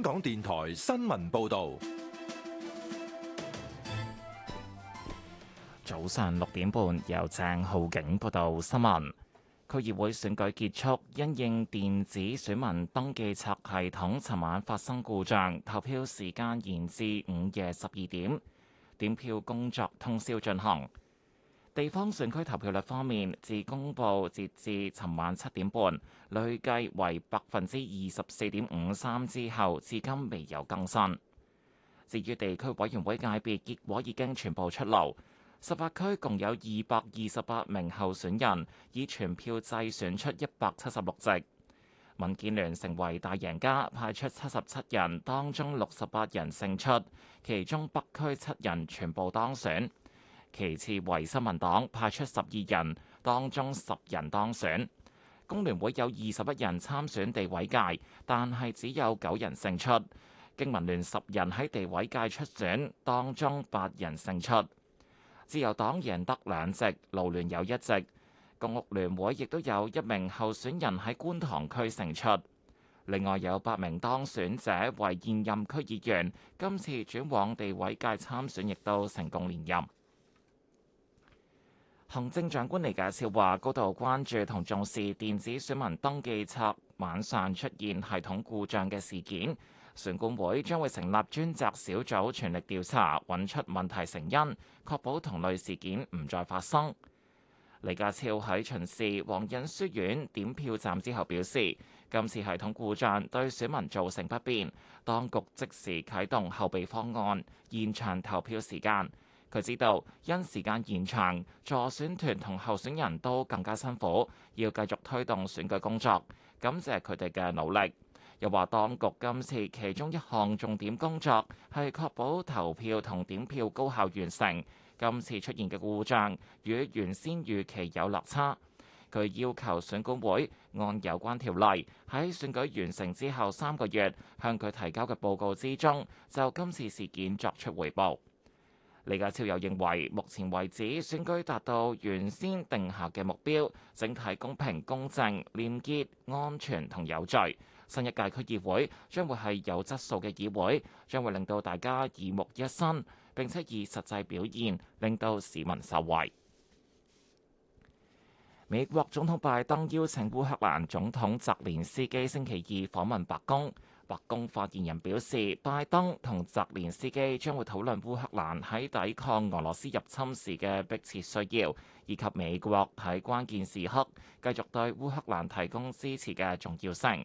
香港電台新聞報道，早上六點半由鄭浩景報道新聞。區議會選舉結束，因應電子選民登記冊系統尋晚發生故障，投票時間延至午夜十二點，點票工作通宵進行。地方選區投票率方面，自公布截至尋晚七點半，累計為百分之二十四點五三。之後至今未有更新。至於地區委員會界別結果已經全部出爐，十八區共有二百二十八名候選人，以全票制選出一百七十六席。民建聯成為大贏家，派出七十七人，當中六十八人勝出，其中北區七人全部當選。其次為新民黨派出十二人，當中十人當選。工聯會有二十一人參選地委界，但係只有九人勝出。經民聯十人喺地委界出選，當中八人勝出。自由黨贏得兩席，勞聯有一席，公屋聯會亦都有一名候選人喺觀塘區勝出。另外有八名當選者為現任區議員，今次轉往地委界參選，亦都成功連任。行政長官李家超話：高度關注同重視電子選民登記冊晚上出現系統故障嘅事件，選管會將會成立專責小組，全力調查，揾出問題成因，確保同類事件唔再發生。李家超喺巡視黃仁書院點票站之後表示，今次系統故障對選民造成不便，當局即時啟動後備方案，延長投票時間。佢知道，因時間延長，助選團同候選人都更加辛苦，要繼續推動選舉工作，感謝佢哋嘅努力。又話，當局今次其中一項重點工作係確保投票同點票高效完成。今次出現嘅故障與原先預期有落差。佢要求選管會按有關條例，喺選舉完成之後三個月，向佢提交嘅報告之中，就今次事件作出回報。李家超又認為，目前為止選舉達到原先定下嘅目標，整體公平、公正、廉潔、安全同有序。新一屆區議會將會係有質素嘅議會，將會令到大家耳目一新，並且以實際表現令到市民受惠。美國總統拜登邀請烏克蘭總統澤連斯基星期二訪問白宮。白宮發言人表示，拜登同澤連斯基將會討論烏克蘭喺抵抗俄羅斯入侵時嘅迫切需要，以及美國喺關鍵時刻繼續對烏克蘭提供支持嘅重要性。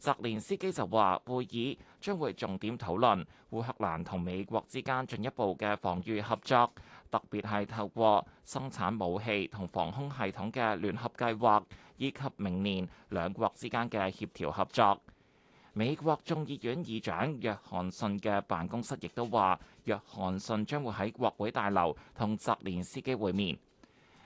澤連斯基就話，會議將會重點討論烏克蘭同美國之間進一步嘅防禦合作，特別係透過生產武器同防空系統嘅聯合計劃，以及明年兩國之間嘅協調合作。美國眾議院議長約翰遜嘅辦公室亦都話，約翰遜將會喺國會大樓同澤連斯基會面。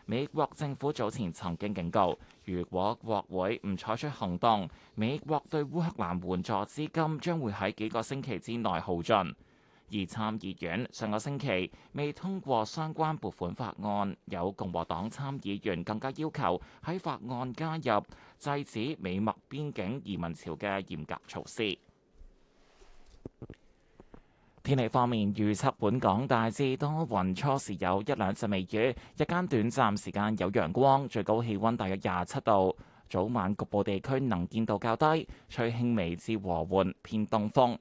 美國政府早前曾經警告，如果國會唔採取行動，美國對烏克蘭援助資金將會喺幾個星期之內耗盡。二參議院上個星期未通過相關撥款法案，有共和黨參議員更加要求喺法案加入制止美墨邊境移民潮嘅嚴格措施。天氣方面預測，預測本港大致多雲，初時有一兩陣微雨，日間短暫時間有陽光，最高氣温大約廿七度。早晚局部地區能見度較低，吹輕微至和緩偏東風。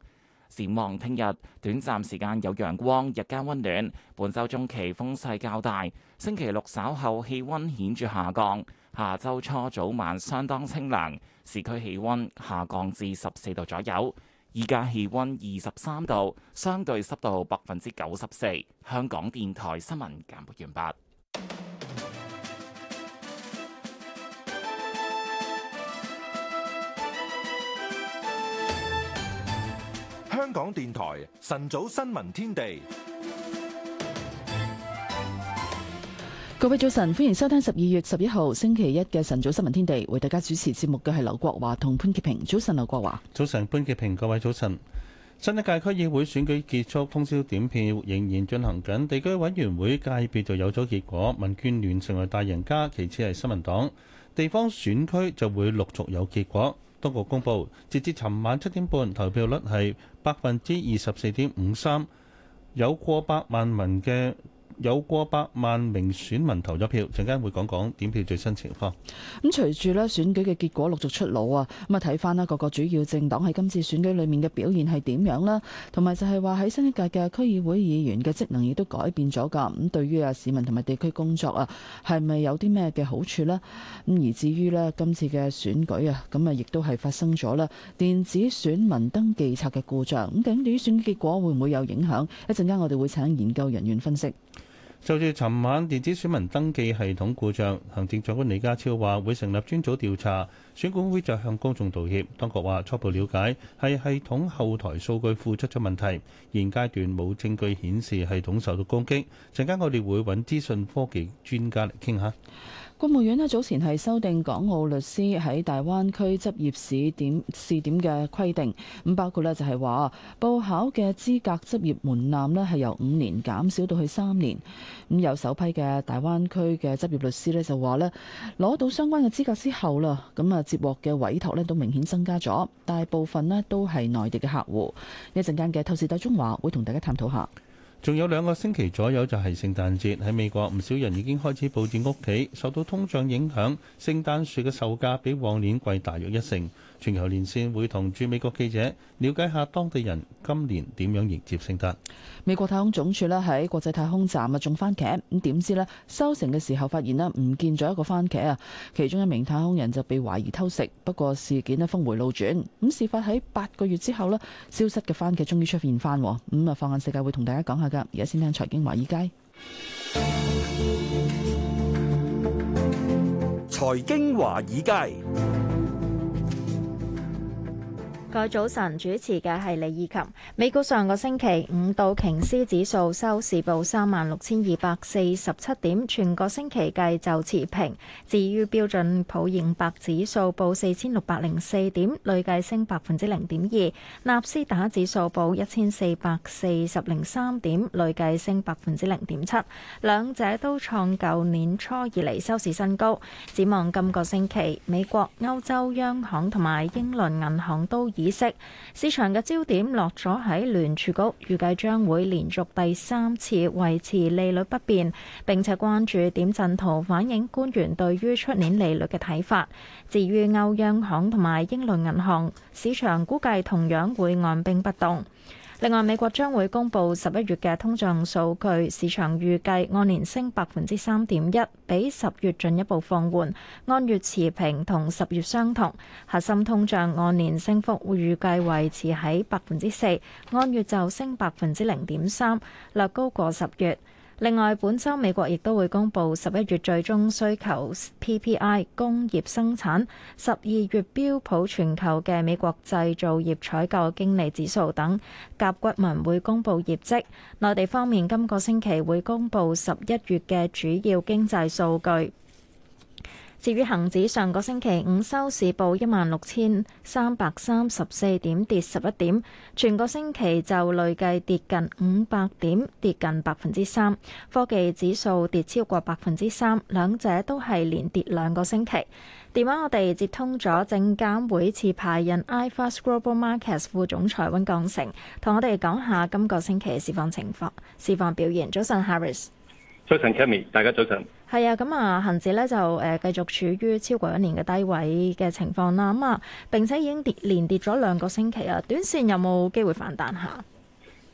展望聽日，短暫時間有陽光，日間温暖。本週中期風勢較大，星期六稍後氣温顯著下降。下週初早晚相當清涼，市區氣温下降至十四度左右。而家氣温二十三度，相對濕度百分之九十四。香港電台新聞簡報完畢。香港電台晨早新聞天地，各位早晨，歡迎收聽十二月十一號星期一嘅晨早新聞天地，為大家主持節目嘅係劉國華同潘潔平。早晨，劉國華，早晨，潘潔平，各位早晨。新一屆區議會選舉結束，通宵點票，仍然進行緊。地區委員會界別就有咗結果，民建聯成為大贏家，其次係新民黨。地方選區就會陸續有結果。當局公布，截至尋晚七點半，投票率係百分之二十四點五三，有過百萬民嘅。有過百萬名選民投咗票，陣間會,會講講點票最新情況。咁隨住咧選舉嘅結果陸續出爐啊，咁啊睇翻咧各個主要政黨喺今次選舉裏面嘅表現係點樣啦，同埋就係話喺新一屆嘅區議會議員嘅職能亦都改變咗噶。咁對於啊市民同埋地區工作啊，係咪有啲咩嘅好處呢？咁而至於咧今次嘅選舉啊，咁啊亦都係發生咗啦，電子選民登記冊嘅故障，咁究竟對於選舉結果會唔會有影響？一陣間我哋會請研究人員分析。就住，尋晚電子選民登記系統故障，行政長官李家超話會成立專組調查。選管會就向公眾道歉，當局話初步了解係系統後台數據庫出咗問題，現階段冇證據顯示系統受到攻擊。陣間我哋會揾資訊科技專家嚟傾下。國務院咧，早前係修訂港澳律師喺大灣區執業試點試點嘅規定，咁包括咧，就係話報考嘅資格執業門檻咧，係由五年減少到去三年。咁有首批嘅大灣區嘅執業律師咧就話咧攞到相關嘅資格之後啦，咁啊～接獲嘅委託呢都明顯增加咗，大部分呢都係內地嘅客戶。一陣間嘅透視大中華會同大家探討下。仲有兩個星期左右就係聖誕節，喺美國唔少人已經開始佈置屋企。受到通脹影響，聖誕樹嘅售價比往年貴大約一成。全球連線會同駐美國記者了解下當地人今年點樣迎接聖誕。美國太空總署咧喺國際太空站啊種番茄，咁點知咧收成嘅時候發現咧唔見咗一個番茄啊！其中一名太空人就被懷疑偷食，不過事件咧峰迴路轉，咁事發喺八個月之後咧消失嘅番茄終於出現返，咁啊放眼世界會同大家講下㗎。而家先聽財經華爾街。財經華爾街。各位早晨，主持嘅係李以琴。美股上個星期五道瓊斯指數收市報三萬六千二百四十七點，全個星期計就持平。至於標準普爾五百指數報四千六百零四點，累計升百分之零點二。納斯達克指數報一千四百四十零三點，累計升百分之零點七。兩者都創舊年初以嚟收市新高。展望今個星期，美國歐洲央行同埋英倫銀行都已意識市場嘅焦點落咗喺聯儲局，預計將會連續第三次維持利率不變，並且關注點陣圖反映官員對於出年利率嘅睇法。至於歐央行同埋英倫銀行，市場估計同樣會按兵不動。另外，美國將會公布十一月嘅通脹數據，市場預計按年升百分之三點一，比十月進一步放緩，按月持平同十月相同。核心通脹按年升幅會預計維持喺百分之四，按月就升百分之零點三，略高過十月。另外，本周美國亦都會公布十一月最終需求 PPI、工業生產、十二月標普全球嘅美國製造業採購經理指數等，甲骨文會公布業績。內地方面，今個星期會公布十一月嘅主要經濟數據。至於恒指上個星期五收市報一萬六千三百三十四點，跌十一點，全個星期就累計跌近五百點，跌近百分之三。科技指數跌超過百分之三，兩者都係連跌兩個星期。電話我哋接通咗證監會持牌人 iFAST Global Markets 副總裁温鋼成，同我哋講下今個星期嘅市況情況、市況表現。早晨，Harris。早晨 Kimmy 大家早晨。係啊，咁、嗯、啊，恒指咧就誒、呃、繼續處於超過一年嘅低位嘅情況啦。咁、嗯、啊，並且已經跌連跌咗兩個星期啊。短線有冇機會反彈下？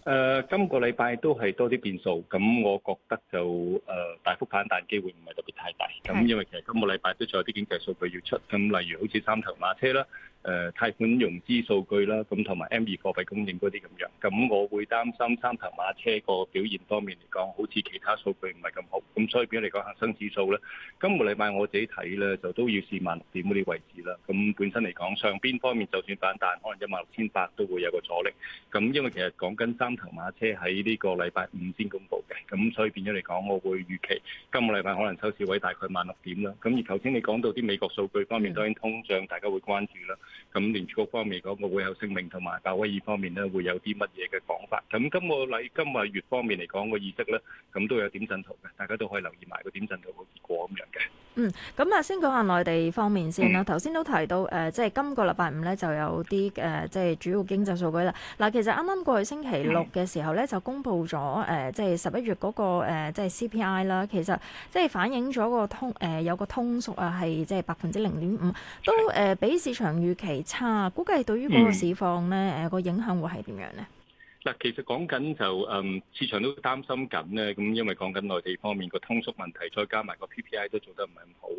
誒、呃，今個禮拜都係多啲變數，咁我覺得就誒、呃、大幅反彈機會唔係特別太大，大。咁的因為其實今個禮拜都仲有啲經濟數據要出，咁例如好似三頭馬車啦。誒貸款融資數據啦，咁同埋 M2 貨幣供應嗰啲咁樣，咁我會擔心三頭馬車個表現方面嚟講，好似其他數據唔係咁好，咁所以變咗嚟講恆生指數咧，今個禮拜我自己睇咧就都要試萬六點嗰啲位置啦。咁本身嚟講上邊方面就算反彈，可能一萬六千八都會有個阻力。咁因為其實講緊三頭馬車喺呢個禮拜五先公布嘅，咁所以變咗嚟講，我會預期今個禮拜可能收市位大概萬六點啦。咁而頭先你講到啲美國數據方面，當然通脹大家會關注啦。咁聯儲局方面嚟講，會有聲明同埋鮑威爾方面咧，會有啲乜嘢嘅講法。咁今個禮今個月方面嚟講嘅意識咧，咁都有點陣圖嘅，大家都可以留意埋個點陣圖嘅結果咁樣嘅。嗯，咁啊先講下內地方面先啦。頭先都提到誒，即係今個禮拜五咧就有啲誒，即係主要經濟數據啦。嗱，其實啱啱過去星期六嘅時候咧，就公布咗誒，即係十一月嗰個誒，即係 CPI 啦。其實即係反映咗個通誒有個通縮啊，係即係百分之零點五，都誒比市場預期差，估計對於嗰個市況咧，誒個、嗯呃、影響會係點樣咧？嗱，其實講緊就誒市場都擔心緊咧，咁因為講緊內地方面個通縮問題，再加埋個 PPI 都做得唔係咁好。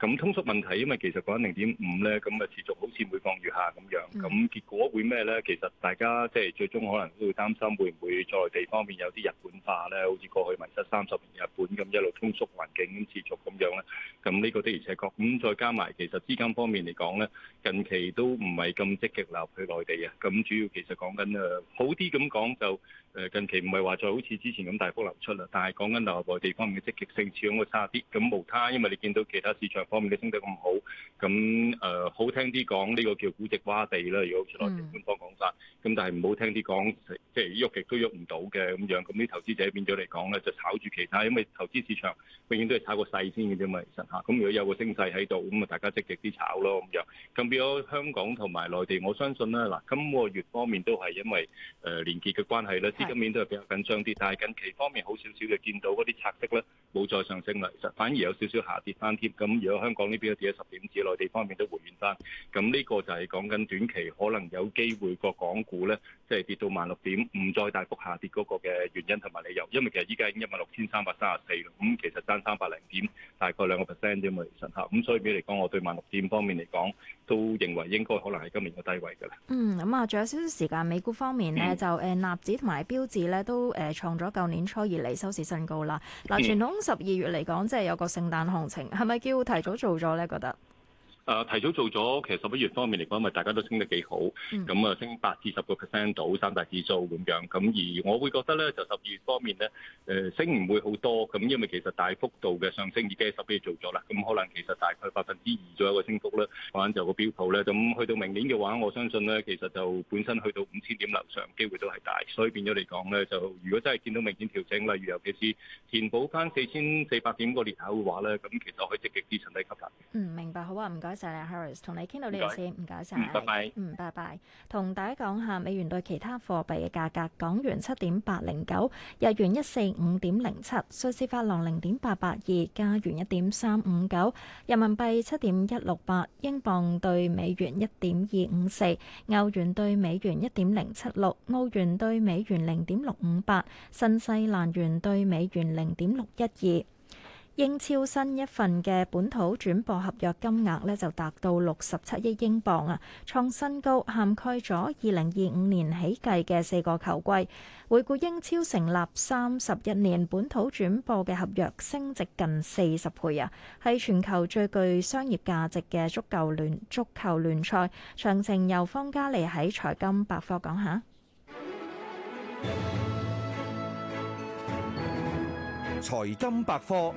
咁通縮問題，因為其實講緊零點五咧，咁誒持續好似每況愈下咁樣。咁結果會咩咧？其實大家即係最終可能都會擔心會唔會在內地方面有啲日本化咧，好似過去迷失三十年日本咁一路通縮環境咁持續咁樣咧。咁呢個的而且確。咁再加埋其實資金方面嚟講咧，近期都唔係咁積極流去內地啊。咁主要其實講緊誒好啲咁講。講就誒近期唔係話再好似之前咁大幅流出啦，但係講緊流入內地方面嘅積極性始終會差啲，咁無他，因為你見到其他市場方面嘅升得咁好，咁誒好聽啲講呢個叫估值窪地啦，如果出內地本咁但係唔好聽啲講，即係喐極都喐唔到嘅咁樣，咁啲投資者變咗嚟講咧，就炒住其他，因為投資市場永遠都係炒個細先嘅啫嘛，其實嚇。咁如果有個升勢喺度，咁啊大家積極啲炒咯咁樣。咁變咗香港同埋內地，我相信咧，嗱今個月方面都係因為誒連結嘅關係咧，資金面都係比較緊張啲。但係近期方面好少少就見到嗰啲拆息咧冇再上升啦，其實反而有少少下跌翻添。咁如果香港呢邊跌咗十點至內，內地方面都回軟翻。咁呢個就係講緊短期可能有機會個港股咧，即係跌到萬六點，唔再大幅下跌嗰個嘅原因同埋理由，因為其實依家已經一萬六千三百三十四啦，咁、嗯、其實爭三百零點，大概兩個 percent 啫嘛，其實嚇，咁、嗯、所以嚟講，我對萬六點方面嚟講，都認為應該可能係今年嘅低位㗎啦。嗯，咁啊，仲有少少時間，美股方面咧、嗯、就誒納指同埋標指咧都誒創咗舊年初以嚟收市新高啦。嗱、嗯，傳統十二月嚟講，即係有個聖誕行情，係咪叫提早做咗咧？覺得？誒提早做咗，其實十一月方面嚟講，咪大家都升得幾好，咁啊升八至十個 percent 到三大指數咁樣，咁而我會覺得咧，就十二月方面咧，誒升唔會好多，咁因為其實大幅度嘅上升已經係十一月做咗啦，咁可能其實大概百分之二左右嘅升幅咧，或者就個標普咧，咁去到明年嘅話，我相信咧，其實就本身去到五千點樓上機會都係大，所以變咗嚟講咧，就如果真係見到明顯調整，例如尤其是填補翻四千四百點個裂口嘅話咧，咁其實可以積極資產低吸下嘅。嗯，明白，好啊，唔該。同你傾到呢度先，唔該晒。謝謝拜拜，嗯，拜拜，同大家講下美元對其他貨幣嘅價格，港元七點八零九，日元一四五點零七，瑞士法郎零點八八二，加元一點三五九，人民幣七點一六八，英鎊對美元一點二五四，歐元對美元一點零七六，澳元對美元零點六五八，新西蘭元對美元零點六一二。英超新一份嘅本土轉播合約金額呢就達到六十七億英鎊啊，創新高，涵蓋咗二零二五年起計嘅四個球季。回顧英超成立三十一年，本土轉播嘅合約升值近四十倍啊，係全球最具商業價值嘅足球聯足球聯賽。詳情由方嘉利喺財金百科講下。 財金百科：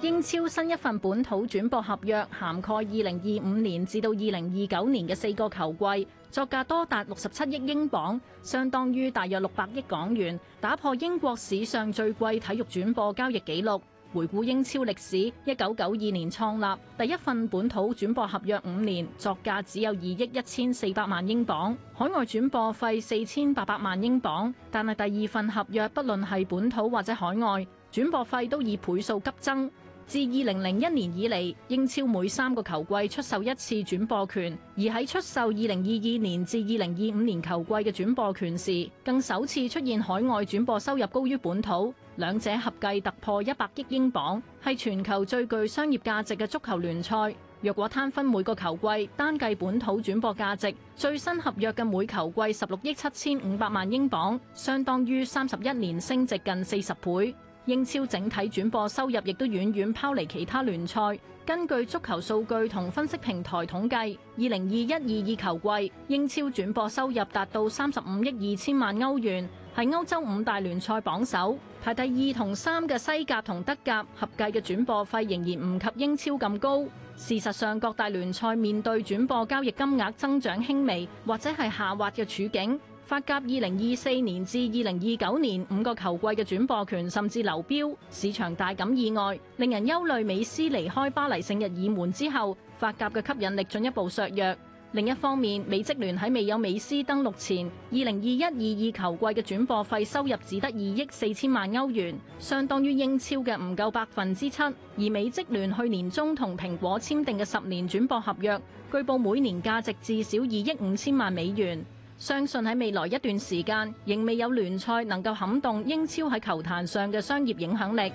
英超新一份本土轉播合約涵蓋二零二五年至到二零二九年嘅四個球季，作價多達六十七億英鎊，相當於大約六百億港元，打破英國史上最貴體育轉播交易紀錄。回顧英超歷史，一九九二年創立第一份本土轉播合約五年，作價只有二億一千四百萬英鎊，海外轉播費四千八百萬英鎊。但係第二份合約不論係本土或者海外，轉播費都以倍數急增。自二零零一年以嚟，英超每三個球季出售一次轉播權，而喺出售二零二二年至二零二五年球季嘅轉播權時，更首次出現海外轉播收入高於本土。兩者合計突破一百億英鎊，係全球最具商業價值嘅足球聯賽。若果攤分每個球季，單計本土轉播價值，最新合約嘅每球季十六億七千五百萬英鎊，相當於三十一年升值近四十倍。英超整體轉播收入亦都遠遠拋離其他聯賽。根據足球數據同分析平台統計，二零二一二二球季，英超轉播收入達到三十五億二千萬歐元。喺歐洲五大聯賽榜首排第二同三嘅西甲同德甲合計嘅轉播費仍然唔及英超咁高。事實上，各大聯賽面對轉播交易金額增長輕微或者係下滑嘅處境，法甲二零二四年至二零二九年五個球季嘅轉播權甚至流標，市場大感意外，令人憂慮。美斯離開巴黎聖日耳門之後，法甲嘅吸引力進一步削弱。另一方面，美職聯喺未有美斯登陸前，二零二一二二球季嘅轉播費收入只得二億四千萬歐元，相當於英超嘅唔夠百分之七。而美職聯去年中同蘋果簽訂嘅十年轉播合約，據報每年價值至少二億五千萬美元。相信喺未來一段時間，仍未有聯賽能夠撼動英超喺球壇上嘅商業影響力。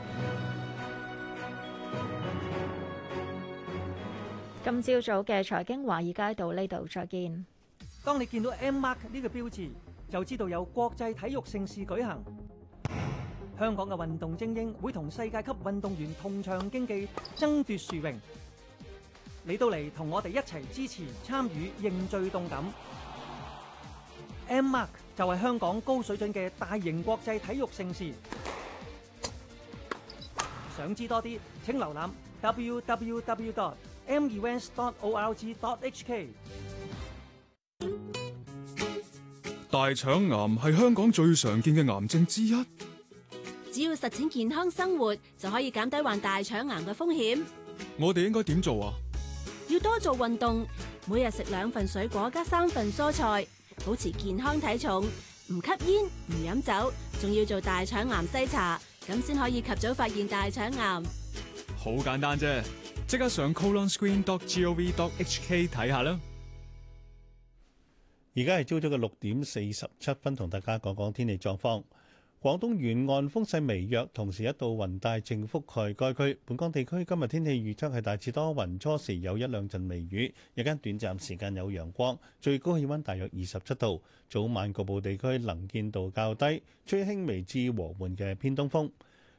今朝早嘅財經華爾街到呢度再見。當你見到 M Mark 呢個標誌，就知道有國際體育盛事舉行。香港嘅運動精英會同世界級運動員同場競技，爭奪殊榮。你到嚟同我哋一齊支持、參與、認罪動感。M Mark 就係香港高水準嘅大型國際體育盛事。想知多啲，請瀏覽 www. m e v o r g h k 大腸癌係香港最常見嘅癌症之一。只要實踐健康生活，就可以減低患大腸癌嘅風險。我哋應該點做啊？要多做運動，每日食兩份水果加三份蔬菜，保持健康體重，唔吸煙唔飲酒，仲要做大腸癌篩查，咁先可以及早發現大腸癌。好簡單啫，即刻上 colonscreen.gov.hk 睇下啦。而家係朝早嘅六點四十七分，同大家講講天氣狀況。廣東沿岸風勢微弱，同時一道雲帶正覆蓋該區。本港地區今日天氣預測係大致多雲，初時有一兩陣微雨，日間短暫時間有陽光，最高氣温大約二十七度。早晚局部地區能見度較低，吹輕微至和緩嘅偏東風。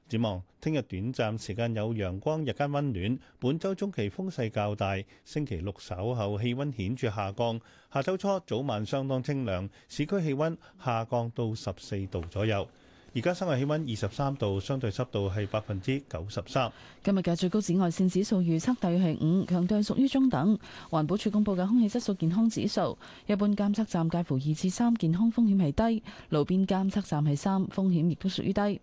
展望聽日短暫時間有陽光，日間溫暖。本周中期風勢較大，星期六稍後氣溫顯著下降。下周初早晚相當清涼，市區氣溫下降到十四度左右。而家室外氣溫二十三度，相對濕度係百分之九十三。今日嘅最高紫外綫指數預測大約係五，強度屬於中等。環保署公布嘅空氣質素健康指數，一般監測站介乎二至三，健康風險係低；路邊監測站係三，風險亦都屬於低。喺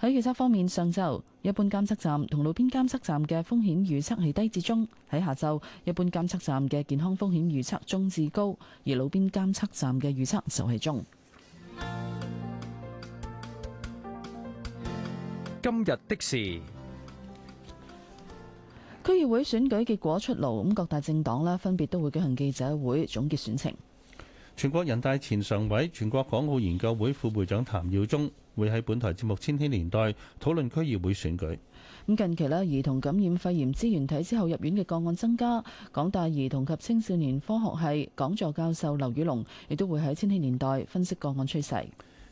預測方面，上晝一般監測站同路邊監測站嘅風險預測係低至中；喺下晝一般監測站嘅健康風險預測中至高，而路邊監測站嘅預測就係中。今日的事，區議會選舉結果出爐，各大政黨咧分別都會舉行記者會總結選情。全國人大前常委、全國港澳研究會副會長譚耀宗會喺本台節目《千禧年代》討論區議會選舉。咁近期咧，兒童感染肺炎支原體之後入院嘅個案增加，港大兒童及青少年科學系講座教授劉宇龍亦都會喺《千禧年代》分析個案趨勢。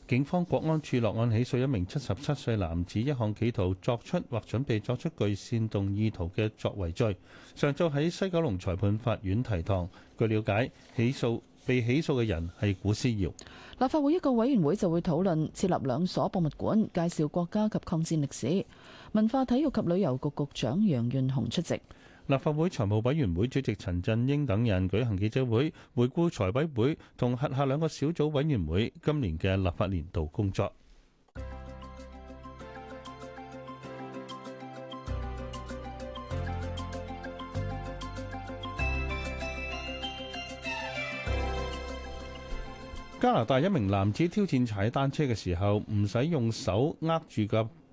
警方國安處落案起訴一名七十七歲男子，一項企圖作出或準備作出具煽動意圖嘅作為罪。上晝喺西九龍裁判法院提堂。據了解，起訴被起訴嘅人係古思堯。立法會一個委員會就會討論設立兩所博物館，介紹國家及抗戰歷史。文化體育及旅遊局局長楊潤雄出席。立法會財務委員會主席陳振英等人舉行記者會，回顧財委會同轄下兩個小組委員會今年嘅立法年度工作。加拿大一名男子挑戰踩單車嘅時候，唔使用手握住架。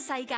世界。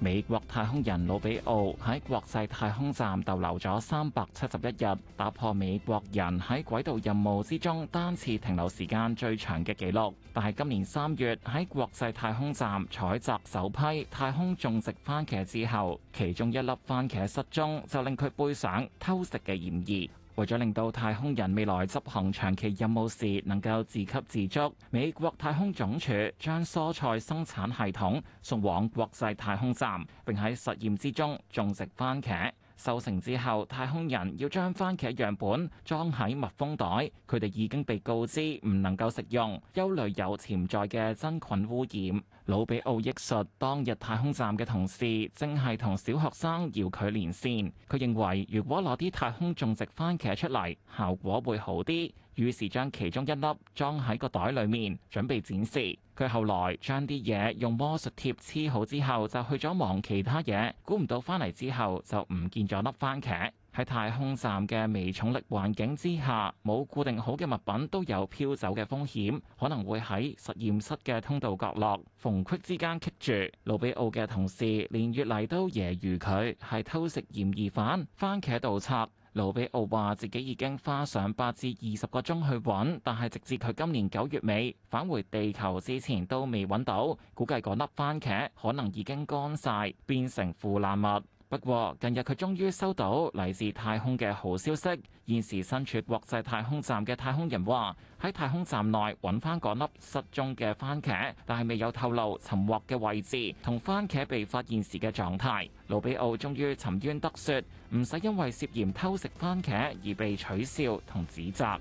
美國太空人魯比奧喺國際太空站逗留咗三百七十一日，打破美國人喺軌道任務之中單次停留時間最長嘅紀錄。但係今年三月喺國際太空站採集首批太空種植番茄之後，其中一粒番茄失蹤，就令佢背上偷食嘅嫌疑。為咗令到太空人未來執行長期任務時能夠自給自足，美國太空總署將蔬菜生產系統送往國際太空站，並喺實驗之中種植番茄。收成之後，太空人要將蕃茄樣本裝喺密封袋。佢哋已經被告知唔能夠食用，憂慮有潛在嘅真菌污染。魯比奧憶述，當日太空站嘅同事正係同小學生遙距連線。佢認為，如果攞啲太空種植蕃茄出嚟，效果會好啲。於是將其中一粒裝喺個袋裡面，準備展示。佢後來將啲嘢用魔術貼黐好之後，就去咗忙其他嘢。估唔到翻嚟之後就唔見咗粒番茄。喺太空站嘅微重力環境之下，冇固定好嘅物品都有飄走嘅風險，可能會喺實驗室嘅通道角落縫隙之間棘住。魯比奧嘅同事連月嚟都揶揄佢係偷食嫌疑犯、番茄盜賊。盧比奧話：自己已經花上八至二十個鐘去揾，但係直至佢今年九月尾返回地球之前都未揾到。估計嗰粒番茄可能已經乾晒，變成腐爛物。不過，近日佢終於收到嚟自太空嘅好消息。現時身處國際太空站嘅太空人話，喺太空站內揾返嗰粒失蹤嘅番茄，但係未有透露尋獲嘅位置同番茄被發現時嘅狀態。盧比奧終於沉冤得雪，唔使因為涉嫌偷食番茄而被取笑同指責。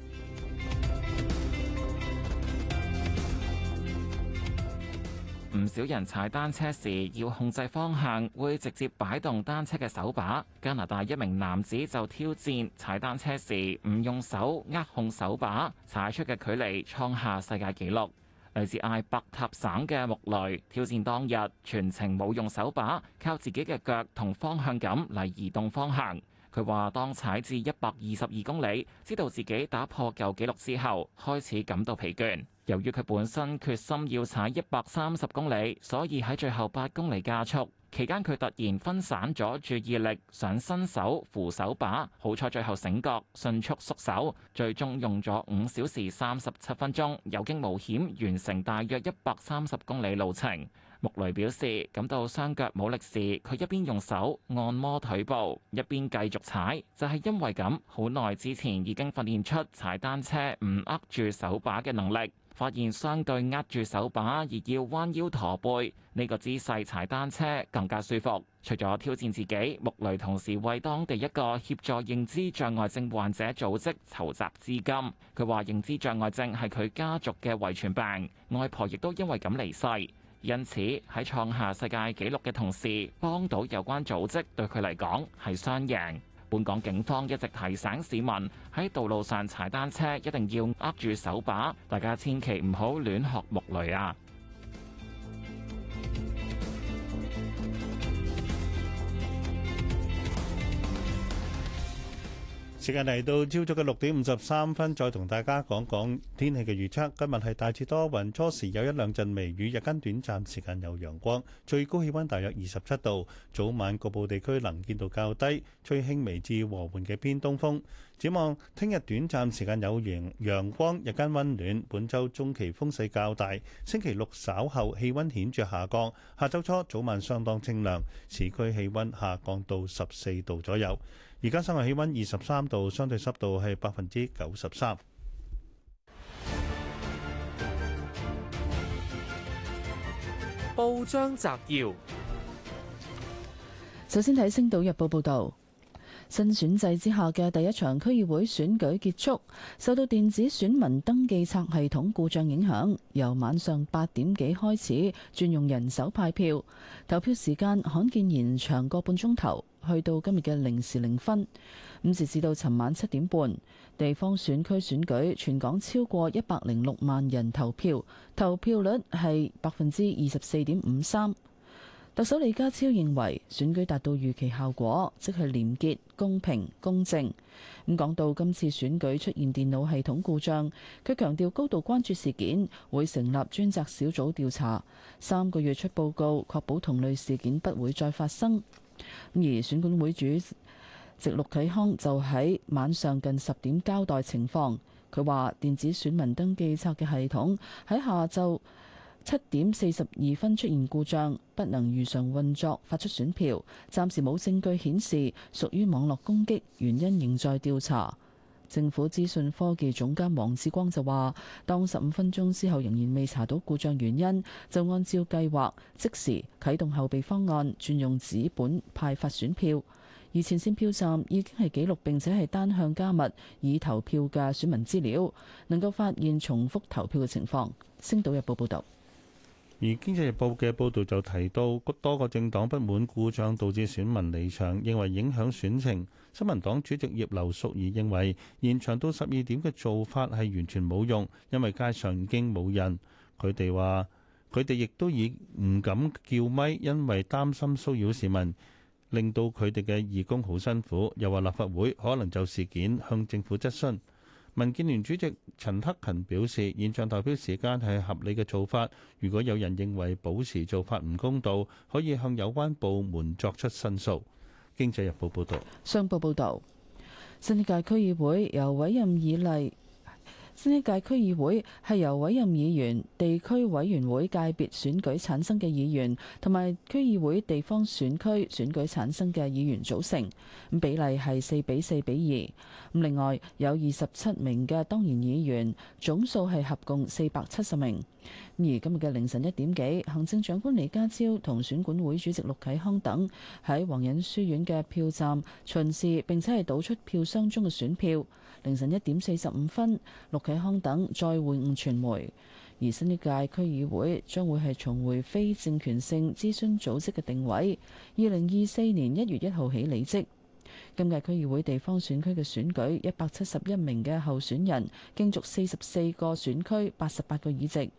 唔少人踩單車時要控制方向，會直接擺動單車嘅手把。加拿大一名男子就挑戰踩單車時唔用手握控手把，踩出嘅距離創下世界紀錄。來自艾伯塔省嘅木雷挑戰當日全程冇用手把，靠自己嘅腳同方向感嚟移動方向。佢話，當踩至一百二十二公里，知道自己打破舊紀錄之後，開始感到疲倦。由於佢本身決心要踩一百三十公里，所以喺最後八公里加速期間，佢突然分散咗注意力，想伸手扶手把。好彩最後醒覺，迅速縮手，最終用咗五小時三十七分鐘，有驚無險完成大約一百三十公里路程。穆雷表示，感到雙腳冇力時，佢一邊用手按摩腿部，一邊繼續踩。就係因為咁，好耐之前已經訓練出踩單車唔握住手把嘅能力。發現相對握住手把而要彎腰駝背呢個姿勢踩單車更加舒服。除咗挑戰自己，穆雷同時為當地一個協助認知障礙症患者組織籌集資金。佢話認知障礙症係佢家族嘅遺傳病，外婆亦都因為咁離世。因此喺創下世界紀錄嘅同時，幫到有關組織，對佢嚟講係雙贏。本港警方一直提醒市民喺道路上踩單車一定要握住手把，大家千祈唔好亂學木雷啊！時間嚟到朝早嘅六點五十三分，再同大家講講天氣嘅預測。今日係大致多雲，初時有一兩陣微雨，日間短暫時間有陽光，最高氣温大約二十七度。早晚局部地區能見度較低，吹輕微至和緩嘅偏東風。展望聽日短暫時間有陽陽光，日間温暖。本周中期風勢較大，星期六稍後氣温顯著下降。下週初早晚相當清涼，市區氣温下降到十四度左右。而家室外氣温二十三度，相對濕度係百分之九十三。報章摘要：首先睇《星島日報》報道，新選制之下嘅第一場區議會選舉結束，受到電子選民登記冊系統故障影響，由晚上八點幾開始轉用人手派票，投票時間罕見延長個半鐘頭。去到今日嘅零時零分，截至到尋晚七點半，地方選區選舉全港超過一百零六萬人投票，投票率係百分之二十四點五三。特首李家超認為選舉達到預期效果，即係廉潔、公平、公正。咁講到今次選舉出現電腦系統故障，佢強調高度關注事件，會成立專責小組調查，三個月出報告，確保同類事件不會再發生。而選管會主席陸啟康就喺晚上近十點交代情況，佢話電子選民登記冊嘅系統喺下晝七點四十二分出現故障，不能如常運作，發出選票，暫時冇證據顯示屬於網絡攻擊，原因仍在調查。政府資訊科技總監黃志光就話：當十五分鐘之後仍然未查到故障原因，就按照計劃即時啟動後備方案，轉用紙本派發選票。而前線票站已經係記錄並且係單向加密已投票嘅選民資料，能夠發現重複投票嘅情況。星島日報報道。而《經濟日報》嘅報導就提到，多個政黨不滿故障導致選民離場，認為影響選情。新民黨主席葉劉淑儀認為，延長到十二點嘅做法係完全冇用，因為街上已經冇人。佢哋話：佢哋亦都已唔敢叫咪，因為擔心騷擾市民，令到佢哋嘅義工好辛苦。又話立法會可能就事件向政府質詢。民建聯主席陳克勤表示，現場投票時間係合理嘅做法。如果有人認為保持做法唔公道，可以向有關部門作出申訴。經濟日報報道，商報報道，新一屆區議會由委任以嚟。新一屆區議會係由委任議員、地區委員會界別選舉產生嘅議員，同埋區議會地方選區選舉產生嘅議員組成，咁比例係四比四比二。咁另外有二十七名嘅當然議員，總數係合共四百七十名。而今日嘅凌晨一點幾，行政長官李家超同選管會主席陸啟康等喺皇仁書院嘅票站巡視，並且係倒出票箱中嘅選票。凌晨一點四十五分，陸啟康等再會晤傳媒。而新一屆區議會將會係重回非政權性諮詢組織嘅定位。二零二四年一月一號起離職。今屆區議會地方選區嘅選舉，一百七十一名嘅候選人競逐四十四個選區八十八個議席。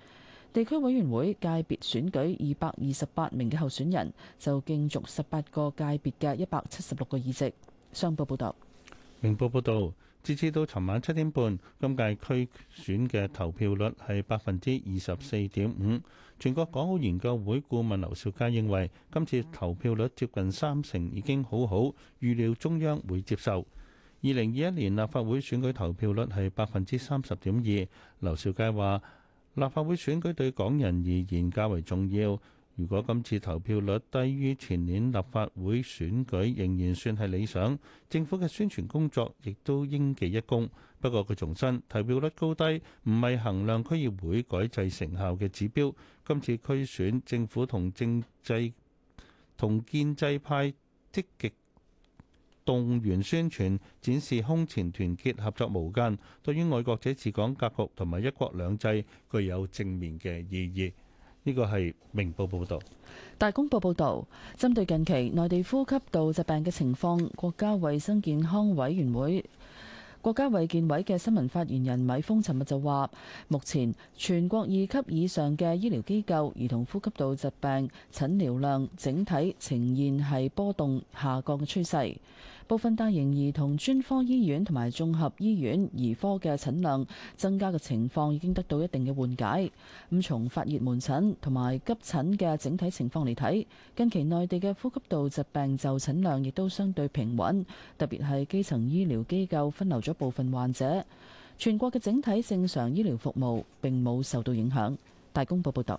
地區委員會界別選舉二百二十八名嘅候選人就競逐十八個界別嘅一百七十六個議席。商報報道。明報報道。截至到尋晚七點半，今屆區選嘅投票率係百分之二十四點五。全國港澳研究會顧問劉兆佳認為，今次投票率接近三成已經好好，預料中央會接受。二零二一年立法會選舉投票率係百分之三十點二。劉兆佳話，立法會選舉對港人而言較為重要。如果今次投票率低於前年立法會選舉仍然算係理想，政府嘅宣傳工作亦都應記一功。不過，佢重申，投票率高低唔係衡量區議會改制成效嘅指標，今次區選政府同政制同建制派積極動員宣傳展示空前團結合作無間，對於愛國者治港格局同埋一國兩制具有正面嘅意義。呢個係明報報導，大公報報導，針對近期內地呼吸道疾病嘅情況，國家衛生健康委員會、國家衛健委嘅新聞發言人米峰，尋日就話，目前全國二級以上嘅醫療機構兒童呼吸道疾病診療量，整體呈現係波動下降嘅趨勢。部分大型兒童專科醫院同埋綜合醫院兒科嘅診量增加嘅情況已經得到一定嘅緩解。咁從發熱門診同埋急診嘅整體情況嚟睇，近期內地嘅呼吸道疾病就診量亦都相對平穩，特別係基層醫療機構分流咗部分患者，全國嘅整體正常醫療服務並冇受到影響。大公報報道。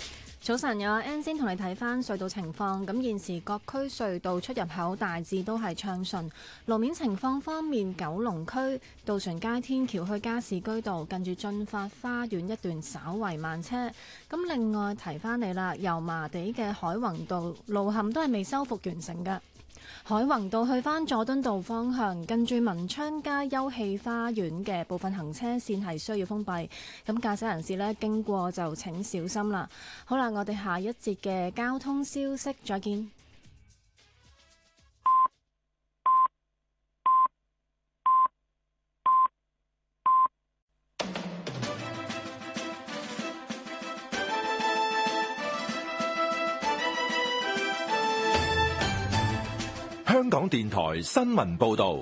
早晨，有阿 N 先同你睇翻隧道情況。咁現時各區隧道出入口大致都係暢順。路面情況方面，九龍區渡船街天橋去加士居道近住駿發花園一段稍為慢車。咁另外提翻你啦，油麻地嘅海泓道路陷都係未修復完成嘅。海泓道去返佐敦道方向，近住文昌街休憩花園嘅部分行車線係需要封閉，咁駕駛人士呢經過就請小心啦。好啦，我哋下一節嘅交通消息再見。香港電台新聞報道：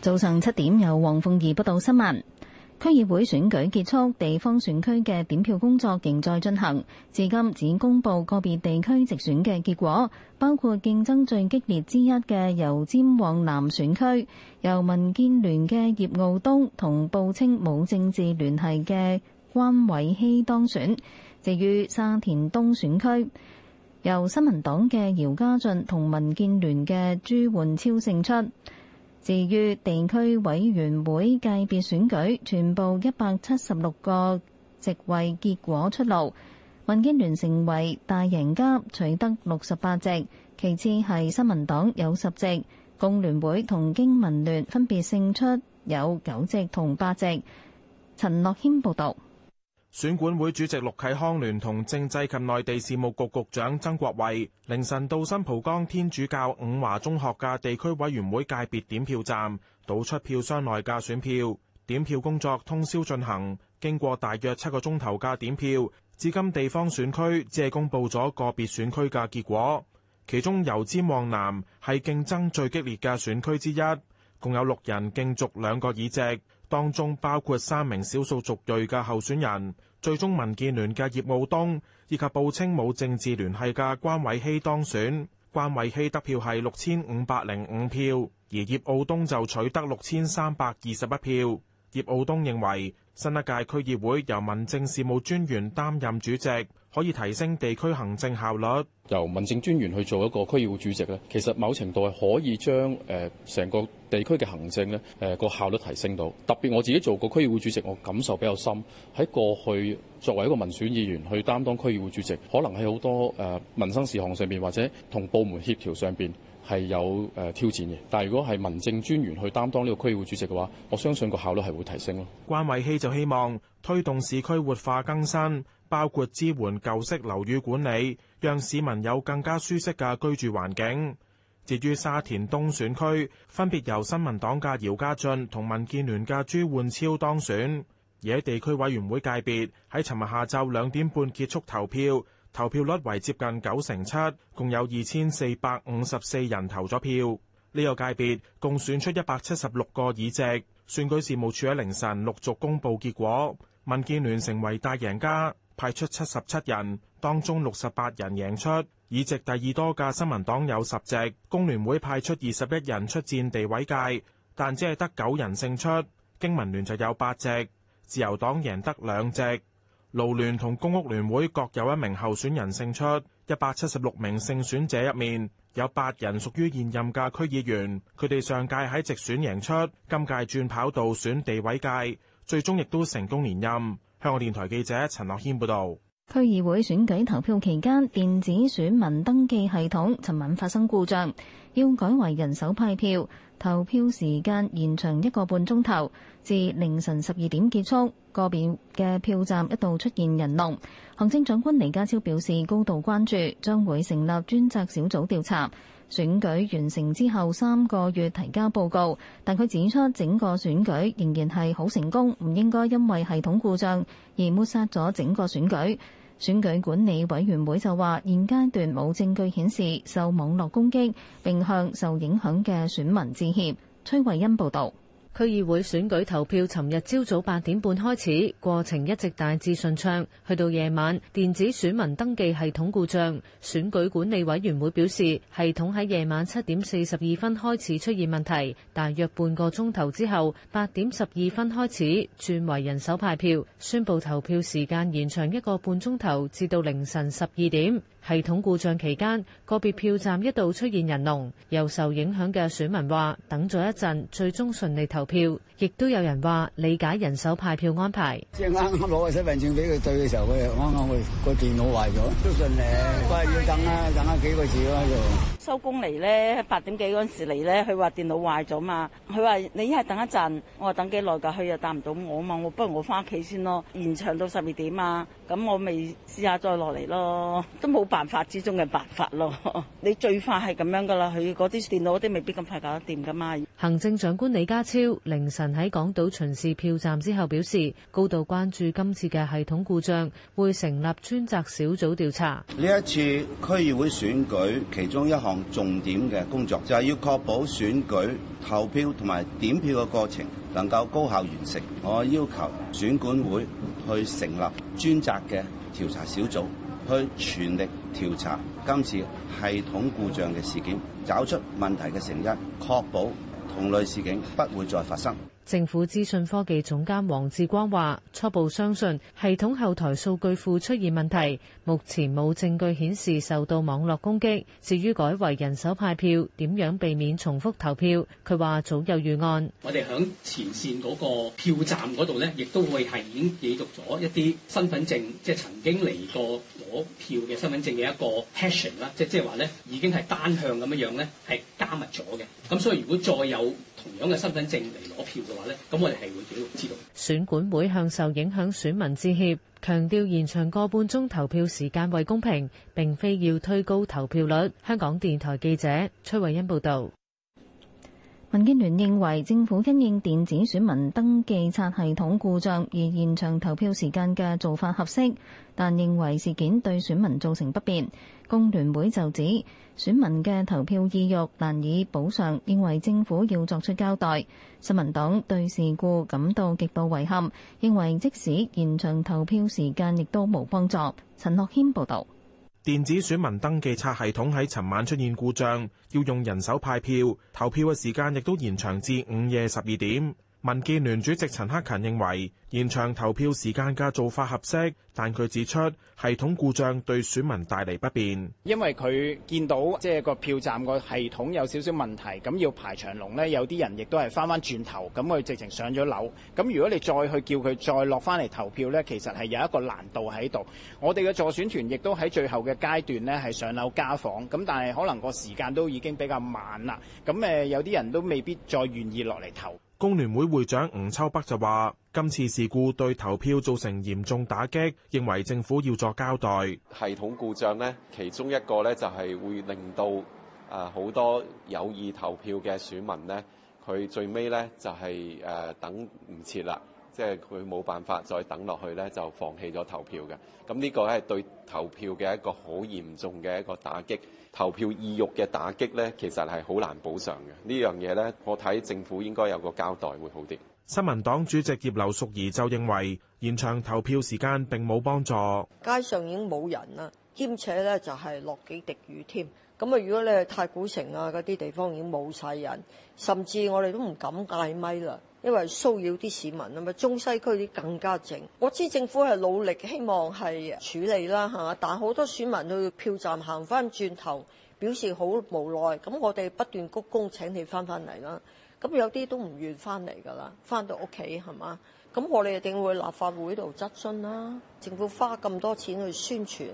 早上七點，有黃鳳儀報道新聞。區議會選舉結束，地方選區嘅點票工作仍在進行。至今只公布個別地區直選嘅結果，包括競爭最激烈之一嘅油尖旺南選區，由民建聯嘅葉傲東同報稱冇政治聯繫嘅。關偉希當選。至於沙田東選區，由新民黨嘅姚家俊同民建聯嘅朱煥超勝出。至於地區委員會界別選舉，全部一百七十六個席位結果出爐。民建聯成為大贏家，取得六十八席，其次係新民黨有十席，工聯會同經民聯分別勝出有九席同八席。陳樂謙報道。選管會主席陸啟康聯同政制及內地事務局局,局長曾國衛，凌晨到新蒲崗天主教伍華中學嘅地區委員會界別點票站，倒出票箱內嘅選票。點票工作通宵進行，經過大約七個鐘頭嘅點票，至今地方選區只係公布咗個別選區嘅結果。其中由尖旺南係競爭最激烈嘅選區之一，共有六人競逐兩個議席。當中包括三名少數族裔嘅候選人，最終民建聯嘅葉澳東以及報稱冇政治聯繫嘅關偉希當選。關偉希得票係六千五百零五票，而葉澳東就取得六千三百二十一票。葉澳東認為新一屆區議會由民政事務專員擔任主席。可以提升地區行政效率。由民政專員去做一個區議會主席咧其實某程度係可以將誒，成個地區嘅行政咧誒個效率提升到。特別我自己做過區議會主席，我感受比較深。喺過去，作為一個民選議員去擔當區議會主席，可能喺好多誒民生事項上邊，或者同部門協調上邊，係有誒挑戰嘅。但係如果係民政專員去擔當呢個區議會主席嘅話，我相信個效率係會提升咯。關偉希就希望推動市區活化更新，包括支援舊式樓宇管理，讓市民有更加舒適嘅居住環境。至於沙田東選區，分別由新民黨嘅姚家俊同民建聯嘅朱煥超當選。而喺地區委員會界別，喺尋日下晝兩點半結束投票，投票率為接近九成七，共有二千四百五十四人投咗票。呢個界別共選出一百七十六個議席。選舉事務處喺凌晨陸續公布結果，民建聯成為大贏家。派出七十七人，當中六十八人贏出，議席第二多嘅新民黨有十席，工聯會派出二十一人出戰地位界，但只係得九人勝出。經民聯就有八席，自由黨贏得兩席。勞聯同公屋聯會各有一名候選人勝出。一百七十六名勝選者入面，有八人屬於現任嘅區議員，佢哋上屆喺直選贏出，今屆轉跑道選地位界，最終亦都成功連任。香港電台記者陳樂謙報道，區議會選舉投票期間，電子選民登記系統尋晚發生故障，要改為人手派票，投票時間延長一個半鐘頭，至凌晨十二點結束。個別嘅票站一度出現人龍。行政長官李家超表示高度關注，將會成立專責小組調查。選舉完成之後三個月提交報告，但佢指出整個選舉仍然係好成功，唔應該因為系統故障而抹殺咗整個選舉。選舉管理委員會就話，現階段冇證據顯示受網絡攻擊，並向受影響嘅選民致歉。崔慧欣報導。區議會選舉投票尋日朝早八點半開始，過程一直大致順暢。去到夜晚，電子選民登記系統故障，選舉管理委員會表示，系統喺夜晚七點四十二分開始出現問題，大約半個鐘頭之後，八點十二分開始轉為人手派票，宣布投票時間延長一個半鐘頭，至到凌晨十二點。系統故障期間，個別票站一度出現人龍。又受影響嘅選民話：等咗一陣，最終順利投票。亦都有人話理解人手派票安排。即係啱啱攞個身份證俾佢對嘅時候，佢又啱啱佢個電腦壞咗，都順利，都係要等啦、啊，等下、啊、幾個字咯就。收工嚟咧，八點幾嗰陣時嚟咧，佢話電腦壞咗嘛，佢話你一係等一陣，我話等幾耐㗎？佢又答唔到我啊嘛，我不如我返屋企先咯。延長到十二點啊，咁我咪試下再落嚟咯，都冇。辦法之中嘅辦法咯，你最快係咁樣噶啦，佢嗰啲電腦嗰啲未必咁快搞得掂噶嘛。行政長官李家超凌晨喺港島巡視票站之後表示，高度關注今次嘅系統故障，會成立專責小組調查。呢一次區議會選舉其中一項重點嘅工作，就係要確保選舉投票同埋點票嘅過程能夠高效完成。我要求選管會去成立專責嘅調查小組。去全力調查今次系統故障嘅事件，找出問題嘅成因，確保同類事件不會再發生。政府資訊科技總監黃志光話：初步相信系統後台數據庫出現問題，目前冇證據顯示受到網絡攻擊。至於改為人手派票，點樣避免重複投票？佢話早有預案。我哋響前線嗰個票站嗰度呢，亦都會係已經記錄咗一啲身份證，即係曾經嚟過攞票嘅身份證嘅一個 hashing 啦，即即係話呢，已經係單向咁樣樣呢，係加密咗嘅。咁所以如果再有同樣嘅身份證嚟攞票嘅話呢，咁我哋係會俾佢知道。選管會向受影響選民致歉，強調延長個半鐘投票時間為公平，並非要推高投票率。香港電台記者崔慧欣報道。民建聯認為政府因應電子選民登記冊系統故障而延長投票時間嘅做法合適，但認為事件對選民造成不便。工聯會就指，選民嘅投票意欲難以補償，認為政府要作出交代。新民黨對事故感到極度遺憾，認為即使延長投票時間，亦都冇幫助。陳樂謙報導，電子選民登記冊系統喺尋晚出現故障，要用人手派票，投票嘅時間亦都延長至午夜十二點。民建聯主席陳克勤認為延長投票時間嘅做法合適，但佢指出系統故障對選民帶嚟不便，因為佢見到即係個票站個系統有少少問題，咁要排長龍呢，有啲人亦都係翻翻轉頭，咁佢直情上咗樓。咁如果你再去叫佢再落翻嚟投票呢，其實係有一個難度喺度。我哋嘅助選團亦都喺最後嘅階段呢係上樓家訪，咁但係可能個時間都已經比較慢啦。咁誒，有啲人都未必再願意落嚟投票。工聯會會長吳秋北就話，今次事故對投票造成嚴重打擊，認為政府要作交代。系統故障呢，其中一個呢，就係會令到誒好多有意投票嘅選民呢，佢最尾呢，就係誒等唔切啦。即係佢冇辦法再等落去咧，就放棄咗投票嘅。咁呢個咧係對投票嘅一個好嚴重嘅一個打擊，投票意欲嘅打擊咧，其實係好難補償嘅。呢樣嘢咧，我睇政府應該有個交代會好啲。新民黨主席葉劉淑儀就認為延長投票時間並冇幫助。街上已經冇人啦，兼且咧就係落幾滴雨添。咁啊，如果你係太古城啊嗰啲地方已經冇晒人，甚至我哋都唔敢帶咪啦。因為騷擾啲市民啊嘛，中西區啲更加靜。我知政府係努力，希望係處理啦嚇，但好多選民去票站行翻轉頭，表示好無奈。咁我哋不斷鞠躬請你翻翻嚟啦。咁有啲都唔願翻嚟㗎啦，翻到屋企係嘛？咁我哋一定會立法會度質詢啦。政府花咁多錢去宣傳，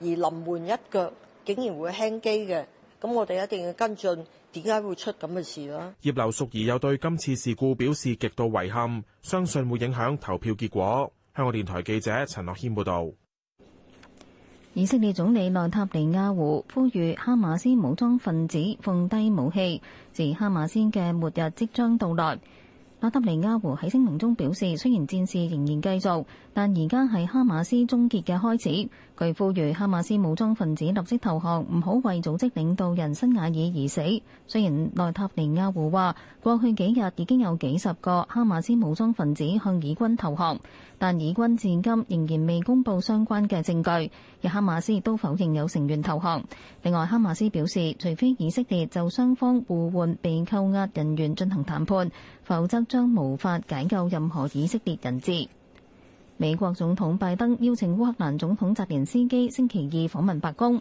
而臨門一腳竟然會輕機嘅，咁我哋一定要跟進。點解會出咁嘅事囉？葉劉淑儀又對今次事故表示極度遺憾，相信會影響投票結果。香港電台記者陳樂軒報導。以色列總理內塔尼亞胡呼籲哈馬斯武裝分子放低武器，自哈馬斯嘅末日即將到來。內塔尼亞胡喺聲明中表示，雖然戰事仍然繼續。但而家係哈馬斯終結嘅開始。據呼籲哈馬斯武裝分子立即投降，唔好為組織領導人辛瓦爾而死。雖然內塔尼亞胡話過去幾日已經有幾十個哈馬斯武裝分子向以軍投降，但以軍至今仍然未公佈相關嘅證據。而哈馬斯亦都否認有成員投降。另外，哈馬斯表示，除非以色列就雙方互換被扣押人員進行談判，否則將無法解救任何以色列人質。美國總統拜登邀請烏克蘭總統澤連斯基星期二訪問白宮。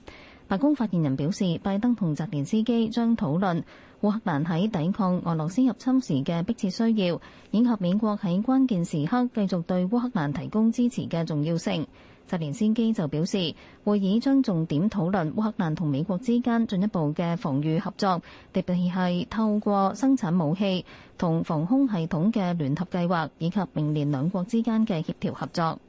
白宮發言人表示，拜登同澤連斯基將討論烏克蘭喺抵抗俄羅斯入侵時嘅迫切需要，以及美國喺關鍵時刻繼續對烏克蘭提供支持嘅重要性。澤連斯基就表示，會議將重點討論烏克蘭同美國之間進一步嘅防禦合作，特別係透過生產武器同防空系統嘅聯合計劃，以及明年兩國之間嘅協調合作。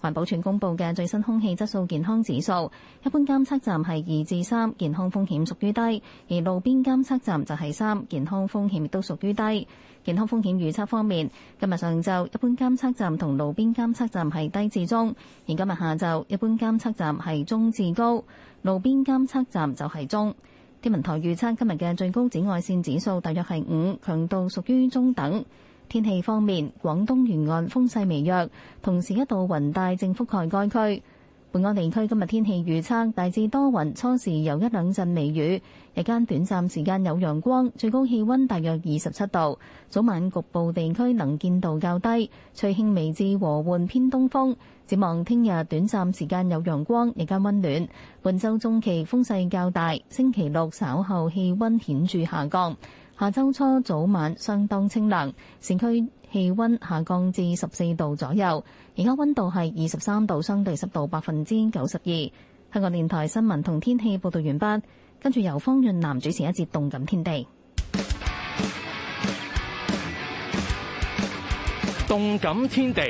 環保署公布嘅最新空氣質素健康指數，一般監測站係二至三，健康風險屬於低；而路邊監測站就係三，健康風險亦都屬於低。健康風險預測方面，今日上晝一般監測站同路邊監測站係低至中，而今日下晝一般監測站係中至高，路邊監測站就係中。天文台預測今日嘅最高紫外線指數大約係五，強度屬於中等。天氣方面，廣東沿岸風勢微弱，同時一道雲帶正覆蓋該區。本港地區今日天氣預測，大致多雲，初時有一兩陣微雨，日間短暫時間有陽光，最高氣溫大約二十七度。早晚局部地區能見度較低，吹輕微至和緩偏東風，展望聽日短暫時間有陽光，日間溫暖。本週中期風勢較大，星期六稍後氣溫顯著下降。下週初早晚相當清涼，城區氣溫下降至十四度左右，而家溫度係二十三度，相對濕度百分之九十二。香港電台新聞同天氣報道完畢，跟住由方潤南主持一節動感天地。動感天地，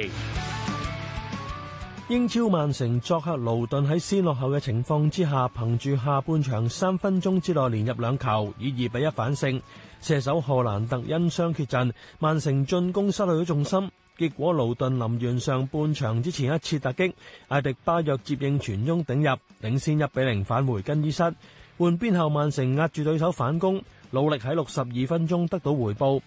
英超曼城作客盧頓喺先落後嘅情況之下，憑住下半場三分鐘之內連入兩球，以二比一反勝。射手荷蘭特因傷缺陣，曼城進攻失去咗重心，結果勞頓臨完上半場之前一次突擊，艾迪巴約接應傳中頂入，領先一比零返回更衣室。換邊後，曼城壓住對手反攻，努力喺六十二分鐘得到回報。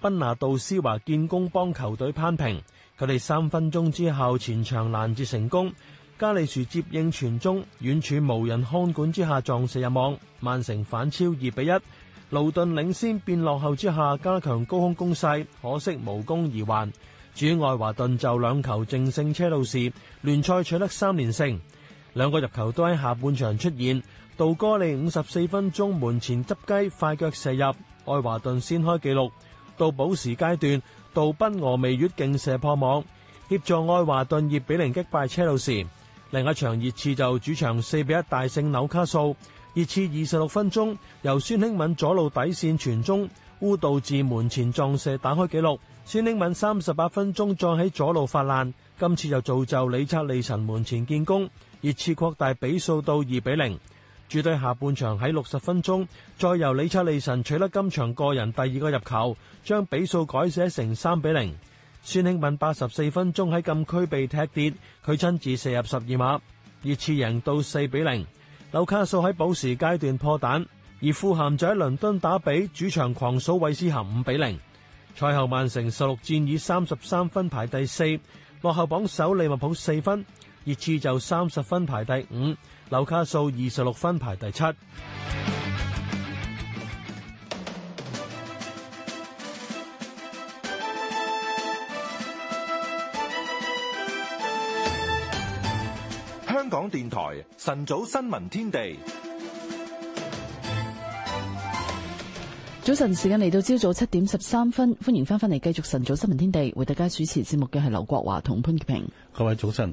賓拿道斯華建功幫球隊攀平，佢哋三分鐘之後前場攔截成功，加利殊接應傳中，遠處無人看管之下撞射入網，曼城反超二比一。1, 盧頓領先變落後之下加強高空攻勢，可惜無功而還。主愛華頓就兩球正勝車路士，聯賽取得三連勝。兩個入球都喺下半場出現，道哥利五十四分鐘門前執雞快腳射入，愛華頓先開紀錄。到補時階段，道賓俄未月勁射破網，協助愛華頓二比零擊敗車路士。另一場熱刺就主場四比一大勝紐卡素。熱刺二十六分鐘由孫興敏左路底線傳中，烏道至門前撞射打開紀錄。孫興敏三十八分鐘再喺左路發難，今次又造就李察利臣門前建功，熱刺擴大比數到二比零。主隊下半場喺六十分鐘，再由李察利臣取得今場個人第二個入球，將比數改寫成三比零。孫興敏八十四分鐘喺禁區被踢跌，佢親自射入十二碼，熱刺贏到四比零。紐卡素喺補時階段破蛋，而富咸就喺倫敦打比主場狂掃衛斯咸五比零。賽後曼城十六戰以三十三分排第四，落後榜首利物浦四分，熱刺就三十分排第五，紐卡素二十六分排第七。港電台晨早新聞天地，早晨時間嚟到朝早七點十三分，歡迎翻返嚟繼續晨早新聞天地，為大家主持節目嘅係劉國華同潘潔平。各位早晨，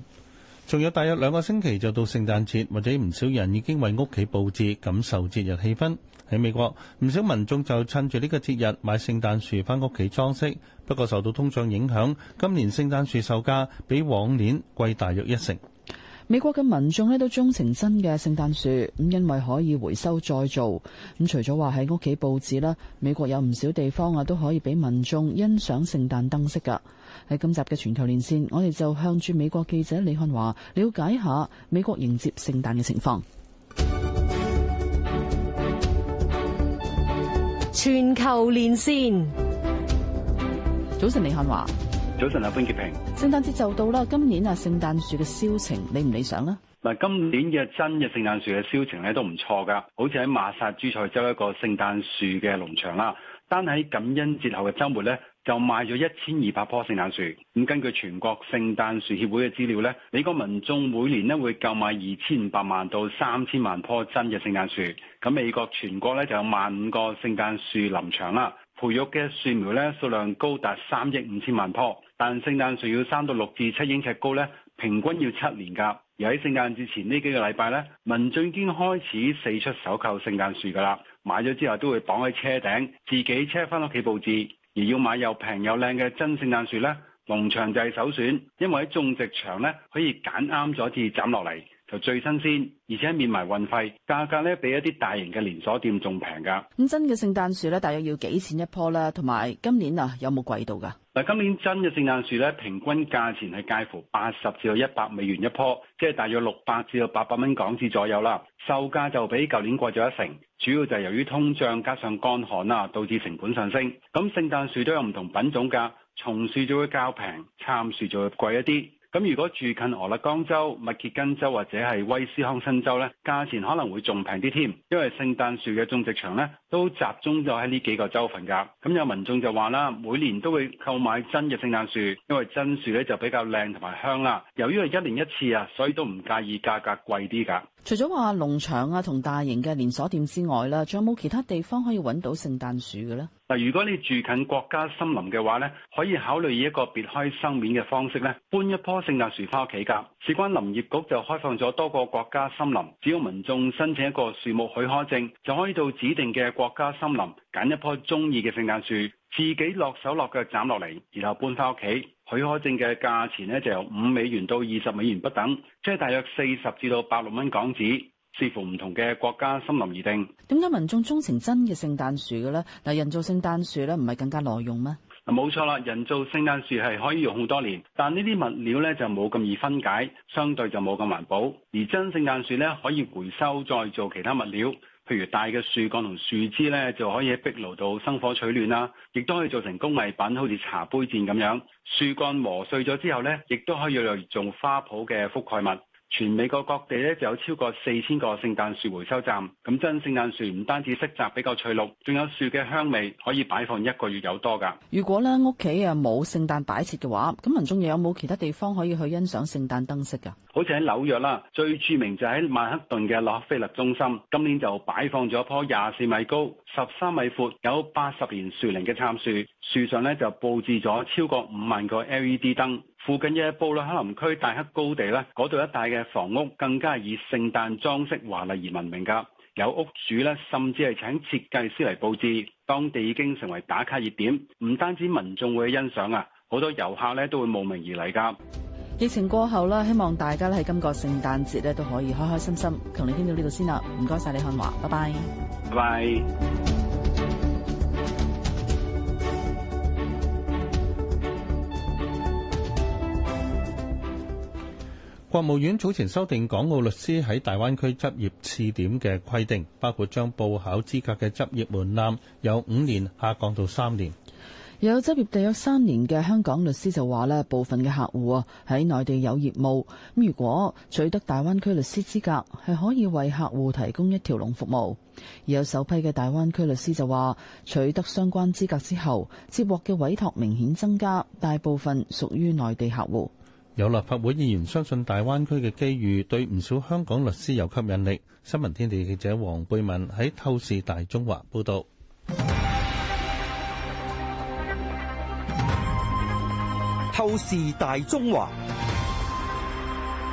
仲有大約兩個星期就到聖誕節，或者唔少人已經為屋企布置，感受節日氣氛。喺美國，唔少民眾就趁住呢個節日買聖誕樹翻屋企裝飾，不過受到通脹影響，今年聖誕樹售價比往年貴大約一成。美國嘅民眾咧都鍾情真嘅聖誕樹，咁因為可以回收再造。咁除咗話喺屋企布置啦，美國有唔少地方啊都可以俾民眾欣賞聖誕燈飾噶。喺今集嘅全球連線，我哋就向住美國記者李漢華了解一下美國迎接聖誕嘅情況。全球連線，早晨李漢華。早晨阿潘杰平。聖誕節就到啦，今年啊，聖誕樹嘅銷情理唔理想啦，啊？嗱，今年嘅真嘅聖誕樹嘅銷情咧都唔錯噶，好似喺馬薩諸塞州一個聖誕樹嘅農場啦，單喺感恩節後嘅周末咧就賣咗一千二百棵聖誕樹。咁根據全國聖誕樹協會嘅資料咧，美國民眾每年咧會購買二千五百萬到三千萬棵真嘅聖誕樹。咁美國全國咧就有 1, 5, 萬五個聖誕樹林場啦，培育嘅樹苗咧數量高達三億五千萬棵。但聖誕樹要三到六至七英尺高咧，平均要七年㗎。而喺聖誕節前呢幾個禮拜咧，民眾已經開始四出搜購聖誕樹㗎啦。買咗之後都會綁喺車頂，自己車翻屋企布置。而要買又平又靚嘅真聖誕樹咧，農場就係首選，因為喺種植場咧可以揀啱咗至斬落嚟。就最新鮮，而且免埋運費，價格呢比一啲大型嘅連鎖店仲平㗎。咁真嘅聖誕樹呢，大約要幾錢一棵咧？同埋今年啊，有冇貴到㗎？嗱，今年真嘅聖誕樹呢，平均價錢係介乎八十至到一百美元一棵，即係大約六百至到八百蚊港紙左右啦。售價就比舊年貴咗一成，主要就係由於通脹加上乾旱啊，導致成本上升。咁聖誕樹都有唔同品種㗎，松樹就會較平，杉樹就會貴一啲。咁如果住近俄勒岡州、密歇根州或者係威斯康辛州呢，價錢可能會仲平啲添，因為聖誕樹嘅種植場呢都集中咗喺呢幾個州份噶，咁、嗯、有民眾就話啦，每年都會購買真嘅聖誕樹，因為真樹咧就比較靚同埋香啦。由於係一年一次啊，所以都唔介意價格貴啲噶除咗話農場啊同大型嘅連鎖店之外啦，仲有冇其他地方可以搵到聖誕樹嘅咧？嗱，如果你住近國家森林嘅話咧，可以考慮以一個別開生面嘅方式咧，搬一棵聖誕樹翻屋企㗎。事關林業局就開放咗多個國家森林，只要民眾申請一個樹木許可證，就可以到指定嘅國家森林揀一棵中意嘅聖誕樹，自己落手落腳斬落嚟，然後搬翻屋企。許可證嘅價錢呢就由五美元到二十美元不等，即係大約四十至到百六蚊港紙。視乎唔同嘅國家森林而定。點解民眾鍾情真嘅聖誕樹嘅咧？嗱，人造聖誕樹咧，唔係更加耐用咩？冇錯啦，人造聖誕樹係可以用好多年，但呢啲物料咧就冇咁易分解，相對就冇咁環保。而真聖誕樹咧，可以回收再做其他物料，譬如大嘅樹幹同樹枝咧，就可以喺壁爐度生火取暖啦。亦都可以做成工藝品，好似茶杯墊咁樣。樹幹磨碎咗之後咧，亦都可以用嚟種花圃嘅覆蓋物。全美國各地咧就有超過四千個聖誕樹回收站，咁真聖誕樹唔單止色澤比較翠綠，仲有樹嘅香味可以擺放一個月有多噶。如果咧屋企啊冇聖誕擺設嘅話，咁民眾又有冇其他地方可以去欣賞聖誕燈飾噶好似喺紐約啦，最著名就喺曼克頓嘅洛克菲勒中心，今年就擺放咗一棵廿四米高、十三米闊、有八十年樹齡嘅杉樹，樹上咧就布置咗超過五萬個 LED 燈。附近嘅布魯克林區大克高地呢，嗰度一帶嘅房屋更加以聖誕裝飾華麗而聞名噶。有屋主呢，甚至係請設計師嚟佈置，當地已經成為打卡熱點。唔單止民眾會欣賞啊，好多遊客呢都會慕名而嚟噶。疫情過後啦，希望大家咧喺今個聖誕節咧都可以開開心心。同你傾到呢度先啦，唔該晒李漢華，拜拜，拜。Bye. 國務院早前修訂港澳律師喺大灣區執業試點嘅規定，包括將報考資格嘅執業門檻由五年下降到三年。有執業地約三年嘅香港律師就話呢部分嘅客戶啊喺內地有業務，咁如果取得大灣區律師資格，係可以為客戶提供一條龍服務。而有首批嘅大灣區律師就話，取得相關資格之後，接獲嘅委託明顯增加，大部分屬於內地客戶。有立法會議員相信，大灣區嘅機遇對唔少香港律師有吸引力。新聞天地記者黃貝文喺《透視大中華》報道，《透視大中華》。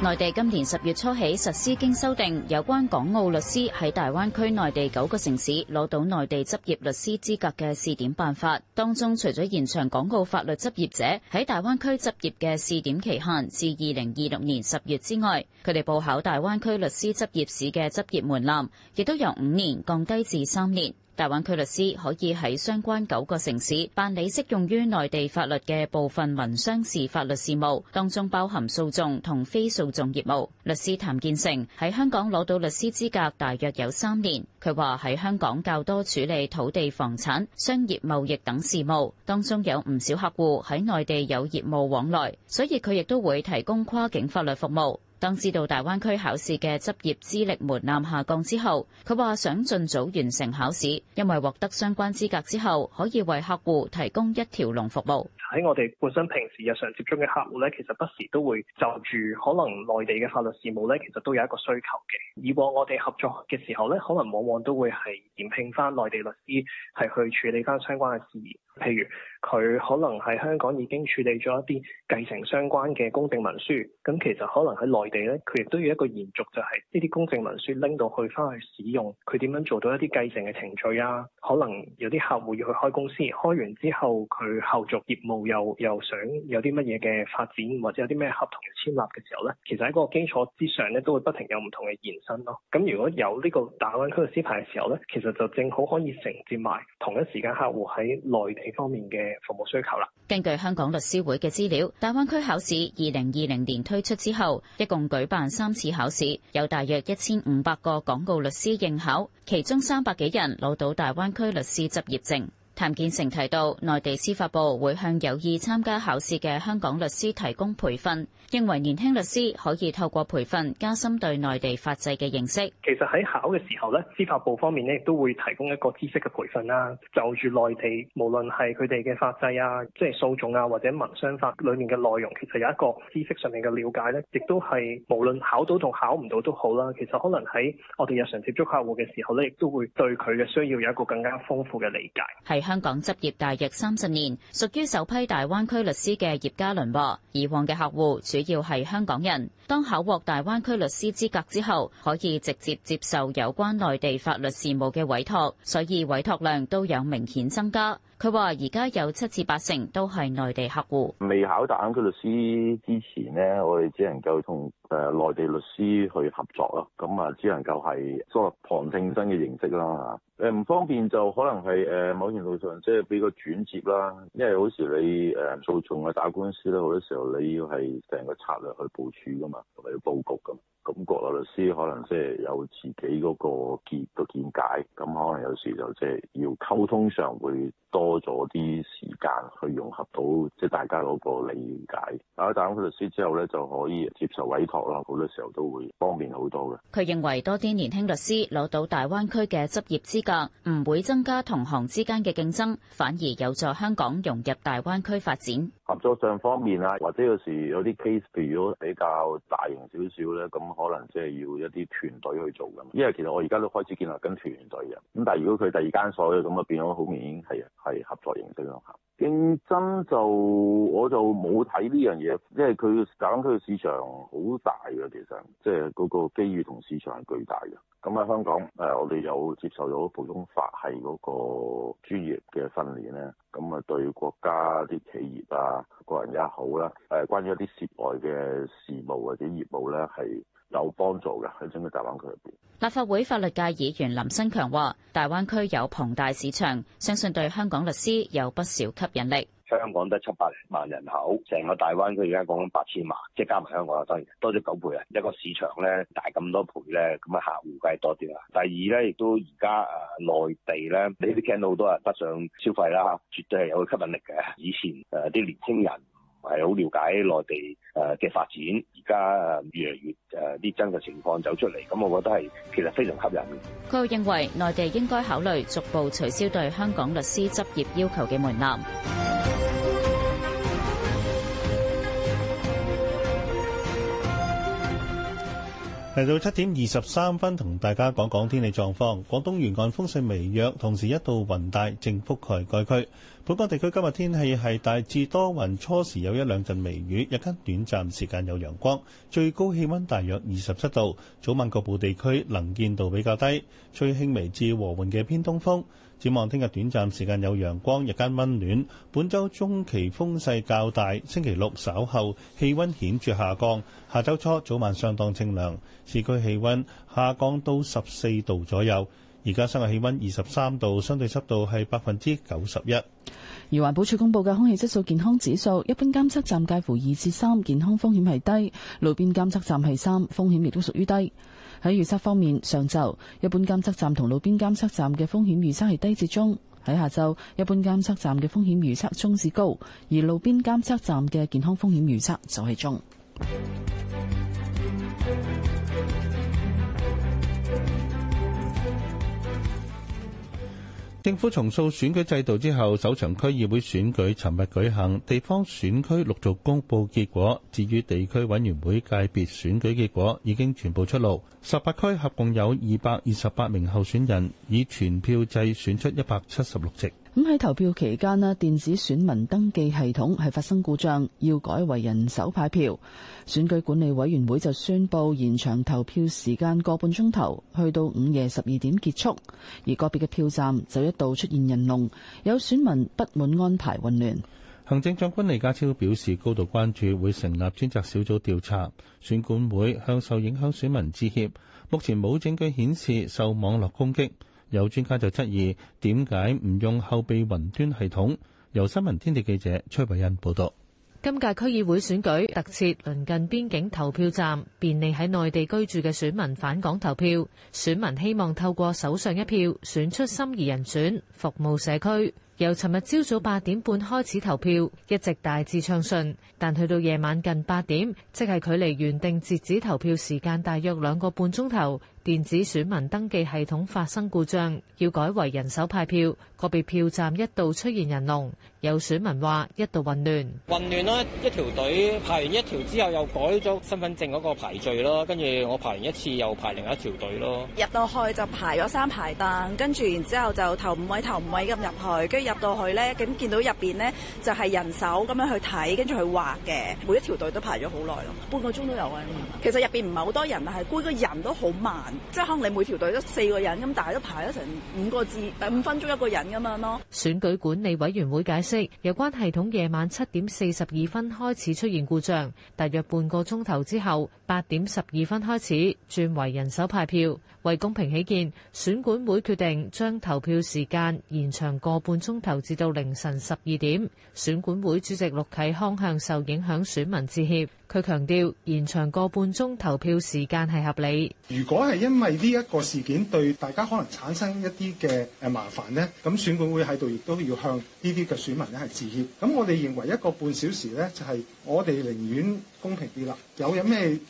內地今年十月初起實施經修訂有關港澳律師喺大灣區內地九個城市攞到內地執業律師資格嘅試點辦法，當中除咗延長港澳法律執業者喺大灣區執業嘅試點期限至二零二六年十月之外，佢哋報考大灣區律師執業試嘅執業門檻亦都由五年降低至三年。大灣區律師可以喺相關九個城市辦理適用於內地法律嘅部分民商事法律事務，當中包含訴訟同非訴訟業務。律師譚建成喺香港攞到律師資格大約有三年，佢話喺香港較多處理土地、房產、商業、貿易等事務，當中有唔少客戶喺內地有業務往來，所以佢亦都會提供跨境法律服務。當知道大灣區考試嘅執業資歷門檻下降之後，佢話想盡早完成考試，因為獲得相關資格之後，可以為客戶提供一條龍服務。喺我哋本身平時日常接觸嘅客戶咧，其實不時都會就住可能內地嘅法律事務咧，其實都有一個需求嘅。以往我哋合作嘅時候咧，可能往往都會係延聘翻內地律師係去處理翻相關嘅事宜，譬如。佢可能喺香港已經處理咗一啲繼承相關嘅公證文書，咁其實可能喺內地咧，佢亦都要一個延續、就是，就係呢啲公證文書拎到去翻去使用，佢點樣做到一啲繼承嘅程序啊？可能有啲客戶要去開公司，開完之後佢後續業務又又想有啲乜嘢嘅發展，或者有啲咩合同簽立嘅時候咧，其實喺嗰個基礎之上咧，都會不停有唔同嘅延伸咯。咁如果有呢個大灣區嘅律師牌嘅時候咧，其實就正好可以承接埋同一時間客戶喺內地方面嘅。服務需求啦。根據香港律師會嘅資料，大灣區考試二零二零年推出之後，一共舉辦三次考試，有大約一千五百個港澳律師應考，其中三百幾人攞到大灣區律師執業證。譚建成提到，內地司法部會向有意參加考試嘅香港律師提供培訓，認為年輕律師可以透過培訓加深對內地法制嘅認識。其實喺考嘅時候咧，司法部方面咧亦都會提供一個知識嘅培訓啦。就住內地，無論係佢哋嘅法制啊，即係訴訟啊，或者民商法裏面嘅內容，其實有一個知識上面嘅了解咧，亦都係無論考到同考唔到都好啦。其實可能喺我哋日常接觸客戶嘅時候咧，亦都會對佢嘅需要有一個更加豐富嘅理解。係。香港執業大約三十年，屬於首批大灣區律師嘅葉嘉倫話，以往嘅客戶主要係香港人。當考獲大灣區律師資格之後，可以直接接受有關內地法律事務嘅委託，所以委託量都有明顯增加。佢話而家有七至八成都係內地客戶。未考大灣區律師之前呢，我哋只能夠同誒內地律師去合作咯，咁啊只能夠係作旁聽生嘅形式啦嚇。誒唔方便就可能係誒某程度上即係俾個轉接啦。因為有時你誒訴訟啊打官司咧，好多時候你要係成個策略去部署噶嘛，同埋要佈局咁。咁國內律師可能即係有自己嗰個見個見解，咁可能有時就即係要溝通上會多咗啲時間去融合到即係大家嗰個理解。打咗大陸律師之後咧，就可以接受委託。可能好多時候都會方便好多嘅。佢認為多啲年輕律師攞到大灣區嘅執業資格，唔會增加同行之間嘅競爭，反而有助香港融入大灣區發展。合作上方面啊，或者有時有啲 case，譬如果比較大型少少咧，咁可能即係要一啲團隊去做噶嘛。因為其實我而家都開始建立緊團隊嘅。咁但係如果佢第二間所嘅，咁啊變咗好明顯係係合作形式咯嚇。競爭就我就冇睇呢樣嘢，因為佢搞緊佢市場好大嘅，其實即係嗰個機遇同市場係巨大嘅。咁喺香港誒，我哋有接受咗普通法系嗰個專業嘅訓練咧，咁啊對國家啲企業啊、個人也好啦，誒關於一啲涉外嘅事務或者業務咧，係有幫助嘅。喺整個大灣區入邊，立法會法律界議員林新強話大灣區有龐大市場，相信對香港律師有不少吸引力。香港得七百零萬人口，成個大灣區而家講緊八千萬，即係加埋香港啊當然多咗九倍啊，一個市場咧大咁多倍咧，咁啊客戶梗係多啲啦。第二咧亦都而家啊內地咧，你都聽到好多人北上消費啦，絕對係有個吸引力嘅。以前誒啲年輕人。係好了解內地誒嘅發展，而家越嚟越誒啲真實嘅情況走出嚟，咁我覺得係其實非常吸引。佢認為內地應該考慮逐步取消對香港律師執業要求嘅門檻。嚟到七點二十三分，同大家講講天氣狀況。廣東沿岸風勢微弱，同時一道雲帶正覆蓋該區。本港地區今日天氣係大致多雲，初時有一兩陣微雨，日間短暫時間有陽光，最高氣溫大約二十七度。早晚局部地區能見度比較低，吹輕微至和緩嘅偏東風。展望聽日短暫時間有陽光，日間溫暖。本周中期風勢較大，星期六稍後氣溫顯著下降。下周初早晚相當清涼，市區氣溫下降到十四度左右。而家室外氣温二十三度，相對濕度係百分之九十一。而環保署公布嘅空氣質素健康指數，一般監測站介乎二至三，健康風險係低；路邊監測站係三，風險亦都屬於低。喺預測方面，上晝一般監測站同路邊監測站嘅風險預測係低至中；喺下晝一般監測站嘅風險預測中至高，而路邊監測站嘅健康風險預測就係中。政府重塑選舉制度之後，首場區議會選舉尋日舉行，地方選區陸續公布結果。至於地區委員會界別選舉結果，已經全部出爐。十八區合共有二百二十八名候選人，以全票制選出一百七十六席。咁喺投票期間咧，電子選民登記系統係發生故障，要改為人手派票。選舉管理委員會就宣布延長投票時間個半鐘頭，去到午夜十二點結束。而個別嘅票站就一度出現人龍，有選民不滿安排混亂。行政長官李家超表示高度關注，會成立專責小組調查。選管會向受影響選民致歉。目前冇證據顯示受網絡攻擊。有專家就質疑點解唔用後備雲端系統。由新聞天地記者崔慧恩報道。今屆區議會選舉特設鄰近邊境投票站，便利喺內地居住嘅選民返港投票。選民希望透過手上一票選出心儀人選，服務社區。由尋日朝早八點半開始投票，一直大致暢順，但去到夜晚近八點，即係距離原定截止投票時間大約兩個半鐘頭。電子選民登記系統發生故障，要改為人手派票，個別票站一度出現人龍，有選民話一度混亂，混亂咯！一條隊排完一條之後，又改咗身份證嗰個排序咯，跟住我排完一次又排另一條隊咯。入到去就排咗三排凳，跟住然之後就頭五位頭五位咁入去，跟住入到去咧，咁見到入邊呢，就係人手咁樣去睇，跟住去畫嘅，每一條隊都排咗好耐咯，半個鐘都有啊。嗯、其實入邊唔係好多人啊，係個人都好慢。即係可能你每條隊都四個人咁，但係都排咗成五個字，第五分鐘一個人咁樣咯。選舉管理委員會解釋，有關系統夜晚七點四十二分開始出現故障，大約半個鐘頭之後，八點十二分開始轉為人手派票。為公平起見，選管會決定將投票時間延長個半鐘頭，至到凌晨十二點。選管會主席陸啟康向受影響選民致歉，佢強調延長個半鐘投票時間係合理。如果係因為呢一個事件對大家可能產生一啲嘅誒麻煩呢，咁選管會喺度亦都要向呢啲嘅選民呢，係致歉。咁我哋認為一個半小時呢，就係我哋寧願，公平啲啦，有有咩誒危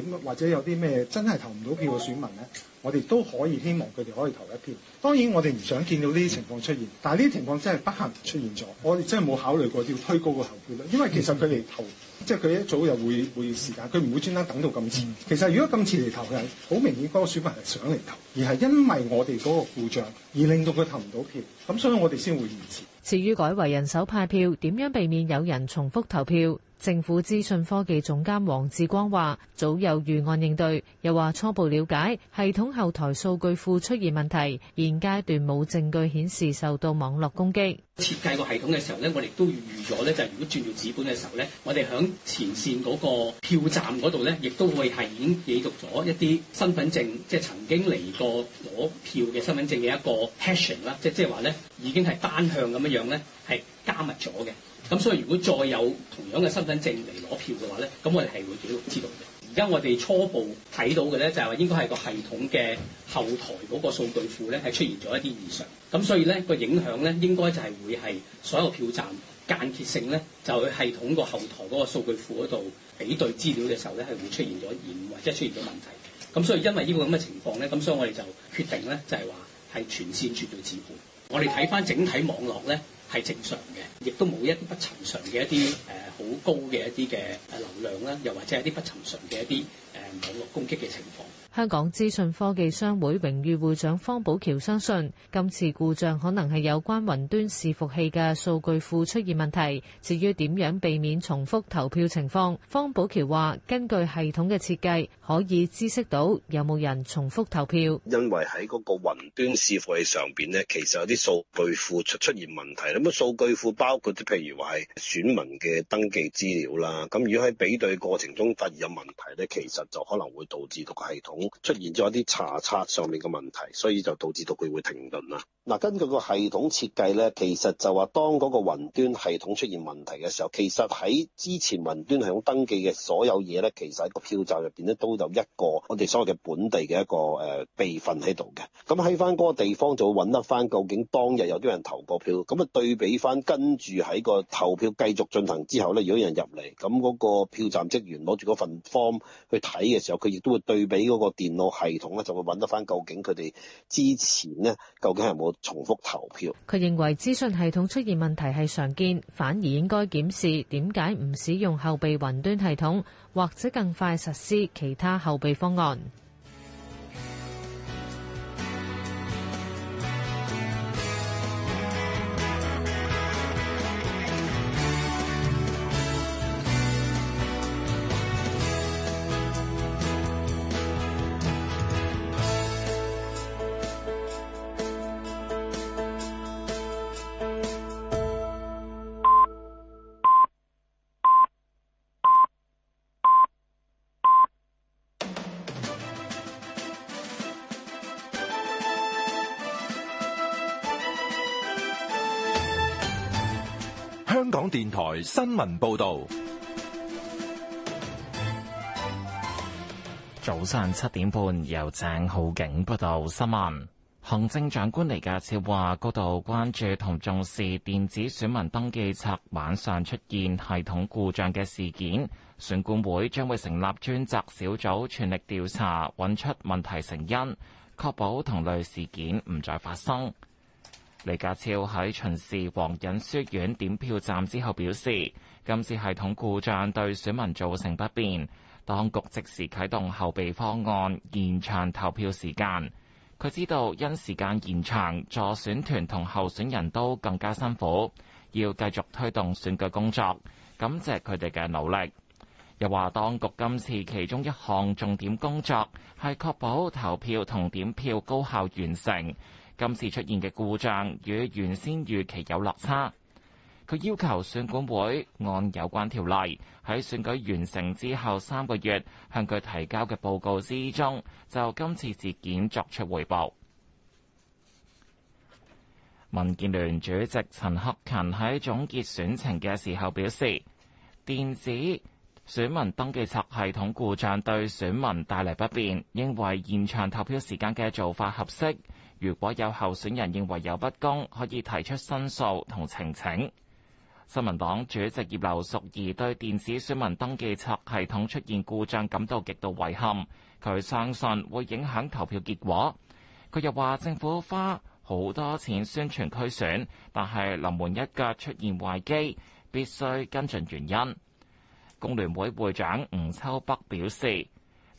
險或者有啲咩真係投唔到票嘅選民咧，我哋都可以希望佢哋可以投一票。當然我哋唔想見到呢啲情況出現，但係呢啲情況真係不幸出現咗。我哋真係冇考慮過要推高個投票率，因為其實佢哋投即係佢一早又會會時間，佢唔會專登等到咁遲。其實如果咁遲嚟投嘅，好明顯嗰個選民係想嚟投，而係因為我哋嗰個故障而令到佢投唔到票，咁所以我哋先會延遲。至於改為人手派票，點樣避免有人重複投票？政府資訊科技總監黃志光話：早有預案應對，又話初步了解系統後台數據庫出現問題，現階段冇證據顯示受到網絡攻擊。設計個系統嘅時候咧，我哋都預咗咧，就係如果轉到紙本嘅時候咧，我哋響前線嗰個票站嗰度咧，亦都會係已經記錄咗一啲身份證，即係曾經嚟過攞票嘅身份證嘅一個 hashing 啦，即係即係話咧，已經係單向咁樣樣咧，係加密咗嘅。咁所以如果再有同樣嘅身份證嚟攞票嘅話咧，咁我哋係會記錄知道嘅。而家我哋初步睇到嘅咧就係話應該係個系統嘅後台嗰個數據庫咧係出現咗一啲異常。咁所以咧個影響咧應該就係會係所有票站間歇性咧就係系統個後台嗰個數據庫嗰度比對資料嘅時候咧係會出現咗異或者出現咗問題。咁所以因為個呢個咁嘅情況咧，咁所以我哋就決定咧就係話係全線絕對止付。我哋睇翻整體網絡咧。係正常嘅，亦都冇一啲不尋常嘅一啲誒好高嘅一啲嘅流量啦，又或者一啲不尋常嘅一啲誒網絡攻擊嘅情況。香港資訊科技商會榮譽會長方寶橋相信，今次故障可能係有關雲端伺服器嘅數據庫出現問題。至於點樣避免重複投票情況，方寶橋話：根據系統嘅設計，可以知悉到有冇人重複投票。因為喺嗰個雲端伺服器上邊呢，其實有啲數據庫出出現問題。咁啊，數據庫包括啲譬如話係選民嘅登記資料啦。咁如果喺比對過程中發現有問題呢，其實就可能會導致個系統。出現咗一啲查冊上面嘅問題，所以就導致到佢會停頓啦。嗱，根據個系統設計咧，其實就話當嗰個雲端系統出現問題嘅時候，其實喺之前雲端系統登記嘅所有嘢咧，其實喺個票站入邊咧都有一個我哋所謂嘅本地嘅一個誒、呃、備份喺度嘅。咁喺翻嗰個地方就會揾得翻究竟當日有啲人投過票。咁啊對比翻跟住喺個投票繼續進行之後咧，如果有人入嚟，咁嗰個票站職員攞住嗰份 form 去睇嘅時候，佢亦都會對比嗰個電腦系統咧，就會揾得翻究竟佢哋之前咧究竟係冇。重複投票，佢認為資訊系統出現問題係常見，反而應該檢視點解唔使用後備雲端系統，或者更快實施其他後備方案。新聞報道。早上七點半，由鄭浩景報道新聞。行政長官李家超話，高度關注同重視電子選民登記冊晚上出現系統故障嘅事件。選管會將會成立專責小組，全力調查，搵出問題成因，確保同類事件唔再發生。李家超喺巡視黃隱書院點票站之後表示，今次系統故障對選民造成不便，當局即時啟動後備方案延長投票時間。佢知道因時間延長，助選團同候選人都更加辛苦，要繼續推動選舉工作，感謝佢哋嘅努力。又話當局今次其中一項重點工作係確保投票同點票高效完成。今次出現嘅故障與原先預期有落差。佢要求選管會按有關條例喺選舉完成之後三個月向佢提交嘅報告之中，就今次事件作出回報。民建聯主席陳克勤喺總結選情嘅時候表示，電子選民登記冊系統故障對選民帶嚟不便，認為延長投票時間嘅做法合適。如果有候選人認為有不公，可以提出申訴同澄清。新聞黨主席葉劉淑儀對電子選民登記冊系統出現故障感到極度遺憾，佢相信會影響投票結果。佢又話：政府花好多錢宣傳區選，但係臨門一腳出現壞機，必須跟進原因。工聯會會長吳秋北表示。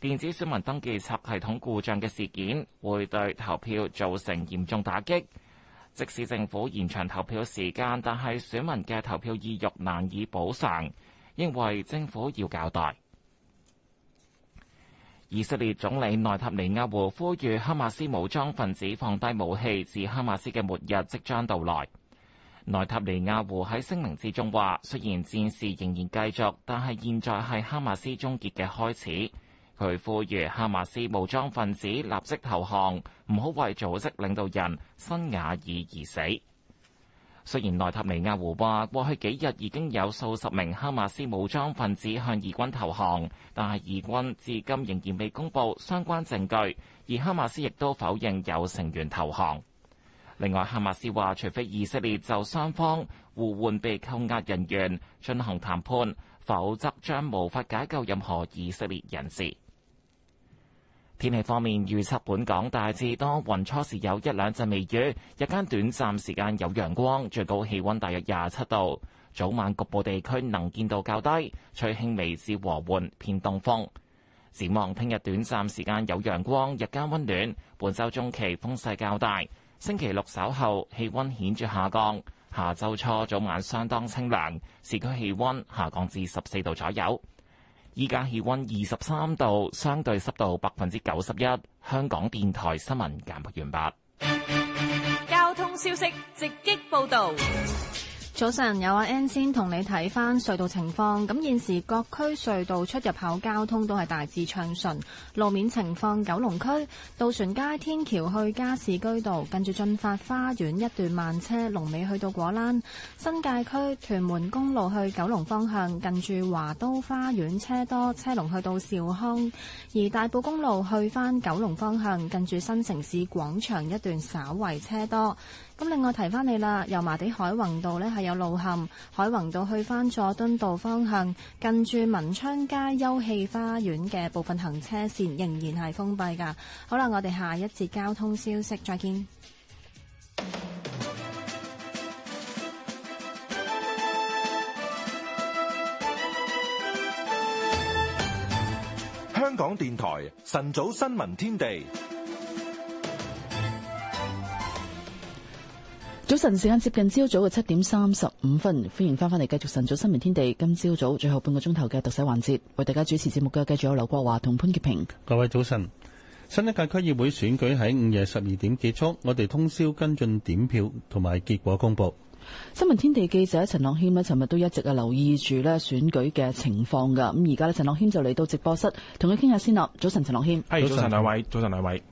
電子選民登記冊系統故障嘅事件，會對投票造成嚴重打擊。即使政府延長投票時間，但係選民嘅投票意欲難以補償，認為政府要交代。以色列總理內塔尼亞胡呼籲哈馬斯武裝分子放低武器，至哈馬斯嘅末日即將到來。內塔尼亞胡喺聲明之中話：雖然戰事仍然繼續，但係現在係哈馬斯終結嘅開始。佢呼籲哈馬斯武裝分子立即投降，唔好為組織領導人辛瓦爾而死。雖然內塔尼亞胡話過去幾日已經有數十名哈馬斯武裝分子向以軍投降，但係以軍至今仍然未公布相關證據，而哈馬斯亦都否認有成員投降。另外，哈馬斯話，除非以色列就雙方互換被扣押人員進行談判，否則將無法解救任何以色列人士。天氣方面，預測本港大致多雲，初時有一兩陣微雨，日間短暫時間有陽光，最高氣溫大約廿七度。早晚局部地區能見度較低，吹輕微至和緩偏東風。展望聽日短暫時間有陽光，日間溫暖。本周中期風勢較大，星期六稍後氣溫顯著下降。下周初早晚相當清涼，市區氣溫下降至十四度左右。依家氣溫二十三度，相對濕度百分之九十一。香港電台新聞簡報完畢。交通消息直擊報導。早晨，有阿 N 先同你睇翻隧道情況。咁現時各區隧道出入口交通都係大致暢順。路面情況，九龍區渡船街天橋去加士居道近住進發花園一段慢車龍尾去到果欄。新界區屯門公路去九龍方向近住華都花園車多，車龍去到兆康。而大埔公路去翻九龍方向近住新城市廣場一段稍為車多。咁另外提翻你啦，油麻地海泓道呢係有路陷，海泓道去翻佐敦道方向，近住文昌街休憩花園嘅部分行車線仍然係封閉噶。好啦，我哋下一節交通消息再見。香港電台晨早新聞天地。早晨，時間接近朝早嘅七點三十五分，歡迎翻返嚟，繼續晨早新聞天地。今朝早，早最後半個鐘頭嘅特寫環節，為大家主持節目嘅繼續有劉國華同潘潔平。各位早晨，新一屆區議會選舉喺午夜十二點結束，我哋通宵跟進點票同埋結果公布。新聞天地記者陳樂謙呢，尋日都一直啊留意住咧選舉嘅情況噶。咁而家呢，陳樂謙就嚟到直播室同佢傾下先啦。早晨，陳樂謙，係早晨兩位，早晨兩位。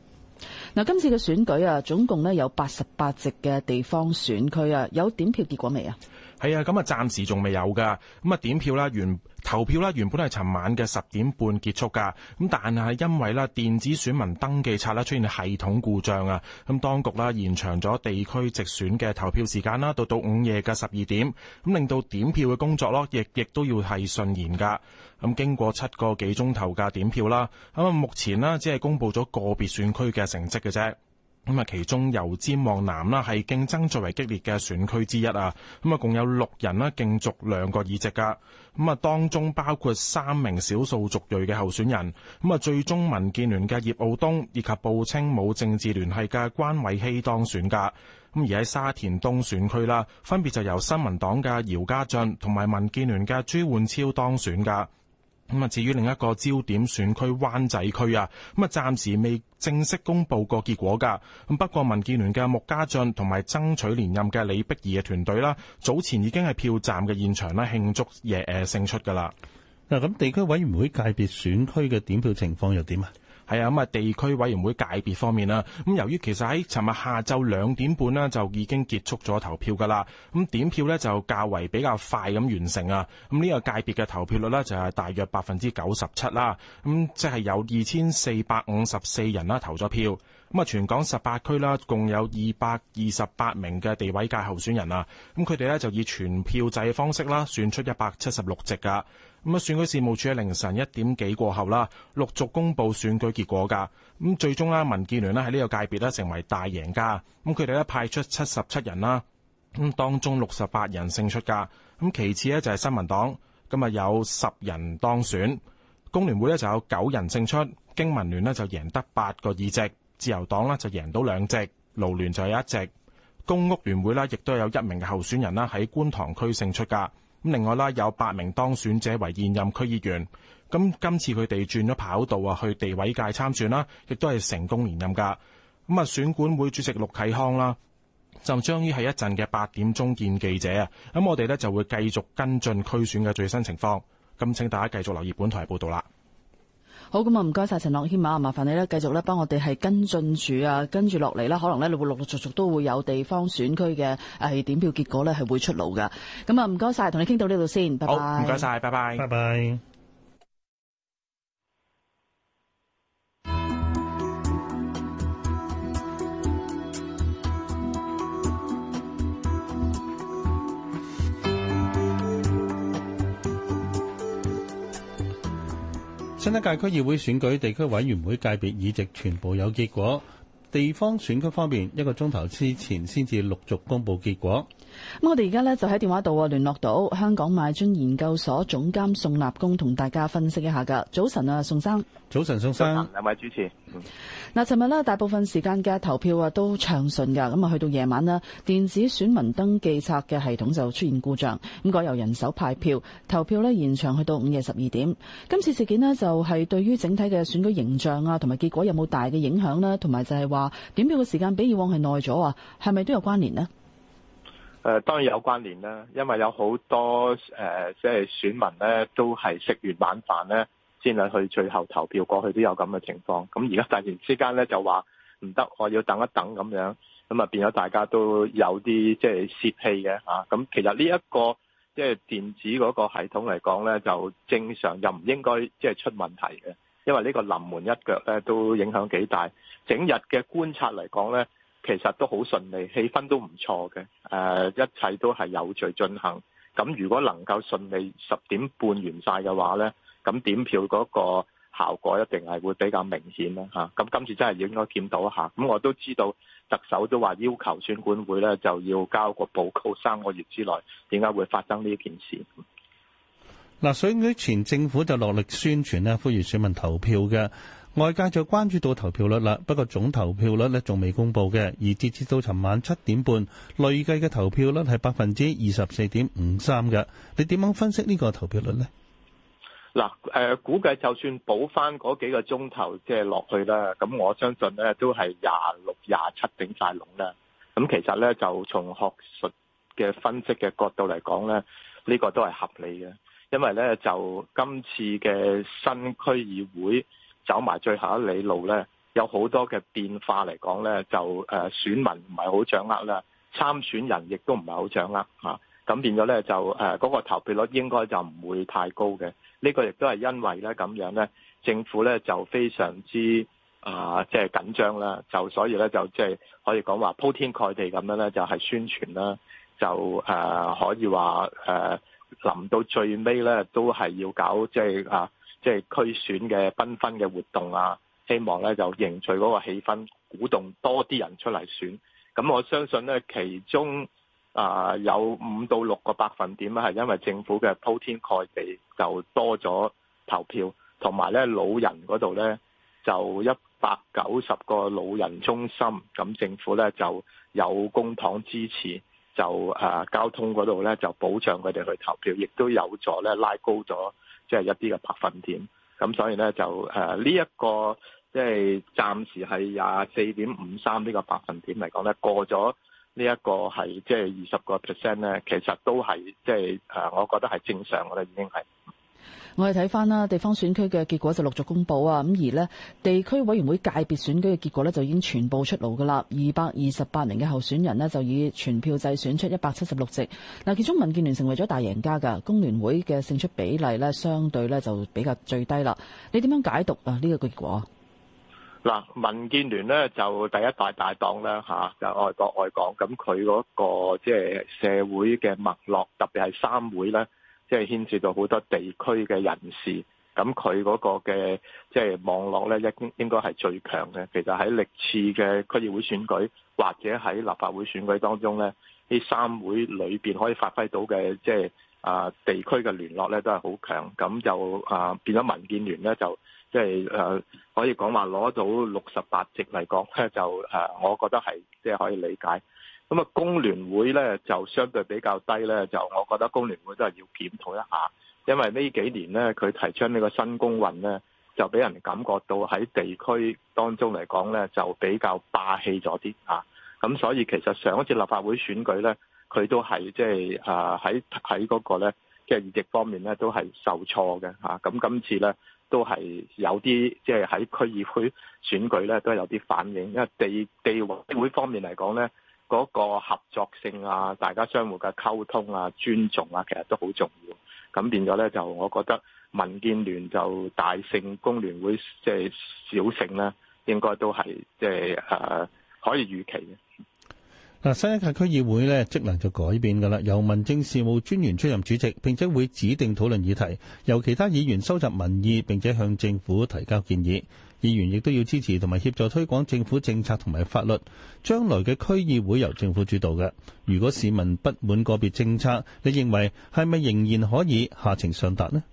嗱，今次嘅選舉啊，總共咧有八十八席嘅地方選區啊，有點票結果未啊？係啊，咁啊暫時仲未有噶。咁啊點票啦，原投票啦原本係尋晚嘅十點半結束噶。咁但係因為咧電子選民登記冊咧出現系統故障啊，咁當局啦延長咗地區直選嘅投票時間啦，到到午夜嘅十二點，咁令到點票嘅工作咯，亦亦都要係順延噶。咁經過七個幾鐘頭嘅點票啦，咁啊，目前咧只係公佈咗個別選區嘅成績嘅啫。咁啊，其中油尖旺南啦，係競爭最為激烈嘅選區之一啊。咁啊，共有六人啦競逐兩個議席噶。咁啊，當中包括三名少數族裔嘅候選人。咁啊，最終民建聯嘅葉傲冬以及報稱冇政治聯繫嘅關偉希當選㗎。咁而喺沙田東選區啦，分別就由新民黨嘅姚家俊同埋民建聯嘅朱煥超當選㗎。咁啊，至於另一個焦點選區灣仔區啊，咁啊，暫時未正式公布過結果㗎。咁不過民建聯嘅穆家駿同埋爭取連任嘅李碧儀嘅團隊啦，早前已經喺票站嘅現場咧慶祝耶誒勝出㗎啦。嗱，咁地區委員會界別選區嘅點票情況又點啊？係啊，咁啊地區委員會界別方面啦，咁由於其實喺尋日下晝兩點半呢就已經結束咗投票㗎啦，咁點票呢，就較為比較快咁完成啊，咁、這、呢個界別嘅投票率呢，就係大約百分之九十七啦，咁即係有二千四百五十四人啦投咗票，咁啊全港十八區啦共有二百二十八名嘅地位界候選人啊，咁佢哋呢，就以全票制嘅方式啦選出一百七十六席㗎。咁啊，選舉事務處喺凌晨一點幾過後啦，陸續公布選舉結果㗎。咁最終咧，民建聯咧喺呢個界別咧成為大贏家。咁佢哋咧派出七十七人啦，咁當中六十八人勝出㗎。咁其次咧就係新民黨，今日有十人當選。工聯會咧就有九人勝出，經民聯咧就贏得八個議席，自由黨咧就贏到兩席，勞聯就有一席。公屋聯會咧亦都有一名候選人啦喺觀塘區勝出㗎。咁另外啦，有八名當選者為現任區議員，咁今次佢哋轉咗跑道啊，去地委界參選啦，亦都係成功連任噶。咁啊，選管會主席陸啟康啦，就將於喺一陣嘅八點鐘見記者啊，咁我哋呢就會繼續跟進區選嘅最新情況。咁請大家繼續留意本台報道啦。好，咁啊，唔該晒陳樂謙啊，麻煩你咧繼續咧幫我哋係跟進住啊，跟住落嚟啦，可能咧你會陸陸續續都會有地方選區嘅誒點票結果咧係會出爐噶。咁啊，唔該晒，同你傾到呢度先，拜拜。好，唔該晒，拜拜，拜拜。拜拜。新一屆區議會選舉地區委員會界別議席全部有結果，地方選區方面一個鐘頭之前先至陸續公布結果。咁我哋而家咧就喺電話度聯絡到香港買尊研究所總監宋立功同大家分析一下噶。早晨啊，宋生，早晨，宋生，兩位主持。嗱、嗯，尋日咧大部分時間嘅投票啊都暢順噶，咁啊去到夜晚啦，電子選民登記冊嘅系統就出現故障，咁改由人手派票，投票呢，延長去到午夜十二點。今次事件呢，就係、是、對於整體嘅選舉形象啊，同埋結果有冇大嘅影響呢？同埋就係話點票嘅時間比以往係耐咗啊，係咪都有關聯呢？誒、呃、當然有關聯啦，因為有好多誒，即、呃、係選民咧，都係食完晚飯咧，先去去最後投票。過去都有咁嘅情況，咁而家突然之間咧就話唔得，我要等一等咁樣，咁、嗯、啊變咗大家都有啲即係洩氣嘅嚇。咁、啊嗯、其實呢、這、一個即係、就是、電子嗰個系統嚟講咧，就正常又唔應該即係、就是、出問題嘅，因為呢個臨門一腳咧都影響幾大。整日嘅觀察嚟講咧。其實都好順利，氣氛都唔錯嘅，誒，一切都係有序進行。咁如果能夠順利十點半完晒嘅話呢，咁點票嗰個效果一定係會比較明顯啦嚇。咁今次真係應該檢討一下。咁我都知道特首都話要求選管會呢就要交個報告，三個月之內點解會發生呢件事？嗱、啊，所以，以前政府就落力宣傳咧，呼籲選民投票嘅。外界就關注到投票率啦，不過總投票率咧仲未公布嘅。而截至到尋晚七點半，累計嘅投票率係百分之二十四點五三嘅。你點樣分析呢個投票率呢？嗱，誒，估計就算補翻嗰幾個鐘頭，即係落去啦。咁我相信呢，都係廿六廿七頂曬籠啦。咁其實呢，就從學術嘅分析嘅角度嚟講呢，呢個都係合理嘅，因為呢，就今次嘅新區議會。走埋最後一里路呢，有好多嘅變化嚟講呢就誒選民唔係好掌握啦，參選人亦都唔係好掌握嚇，咁變咗呢，就誒嗰個投票率應該就唔會太高嘅。呢、呢個亦都係因為呢，咁樣呢政府呢就非常之啊，即、就、係、是、緊張啦，就所以呢，就即係可以講話鋪天蓋地咁樣呢，就係、是、宣傳啦，就誒、啊、可以話誒、啊、臨到最尾呢，都係要搞即係、就是、啊。即係區選嘅繽紛嘅活動啊，希望咧就凝聚嗰個氣氛，鼓動多啲人出嚟選。咁我相信咧，其中啊，呃，有五到六個百分點咧，係因為政府嘅鋪天蓋地就多咗投票，同埋咧老人嗰度咧就一百九十個老人中心，咁政府咧就有公帑支持，就啊，呃，交通嗰度咧就保障佢哋去投票，亦都有助咧拉高咗。即係一啲嘅百分點，咁所以呢，就誒呢一個即係、就是、暫時係廿四點五三呢個百分點嚟講呢過咗呢一個係即係二十個 percent 呢，其實都係即係誒，我覺得係正常嘅啦，已經係。我哋睇翻啦，地方選區嘅結果就陸續公布啊，咁而呢地區委員會界別選區嘅結果呢，就已經全部出爐噶啦，二百二十八名嘅候選人呢，就以全票制選出一百七十六席，嗱，其中民建聯成為咗大贏家噶，工聯會嘅勝出比例呢，相對呢就比較最低啦。你點樣解讀啊呢個結果？嗱，民建聯呢，就第一大大黨咧吓，就愛國愛港，咁佢嗰個即係社會嘅脈絡，特別係三會呢。即係牽涉到好多地區嘅人士，咁佢嗰個嘅即係網絡咧，應應該係最強嘅。其實喺歷次嘅區議會選舉或者喺立法會選舉當中咧，呢三會裏邊可以發揮到嘅即係啊地區嘅聯絡咧，都係好強。咁就啊變咗民建聯咧，就即係誒可以講話攞到六十八席嚟講咧，就誒、啊、我覺得係即係可以理解。咁啊，工聯會咧就相對比較低咧，就我覺得工聯會都係要檢討一下，因為呢幾年咧佢提倡呢個新工運咧，就俾人感覺到喺地區當中嚟講咧就比較霸氣咗啲啊。咁所以其實上一次立法會選舉咧，佢都係即係啊喺喺嗰個咧嘅、即係、議席方面咧都係受挫嘅嚇。咁、啊、今次咧都係有啲即係喺區議會選舉咧都係有啲反應，因為地地委會方面嚟講咧。嗰個合作性啊，大家相互嘅溝通啊、尊重啊，其實都好重要。咁變咗呢，就我覺得民建聯就大勝工聯會，即係小勝啦，應該都係即係誒可以預期嘅。嗱，新一屆區議會咧，職能就改變噶啦，由民政事務專員出任主席，並且會指定討論議題，由其他議員收集民意，並且向政府提交建議。議員亦都要支持同埋協助推廣政府政策同埋法律。將來嘅區議會由政府主導嘅。如果市民不滿個別政策，你認為係咪仍然可以下情上達呢？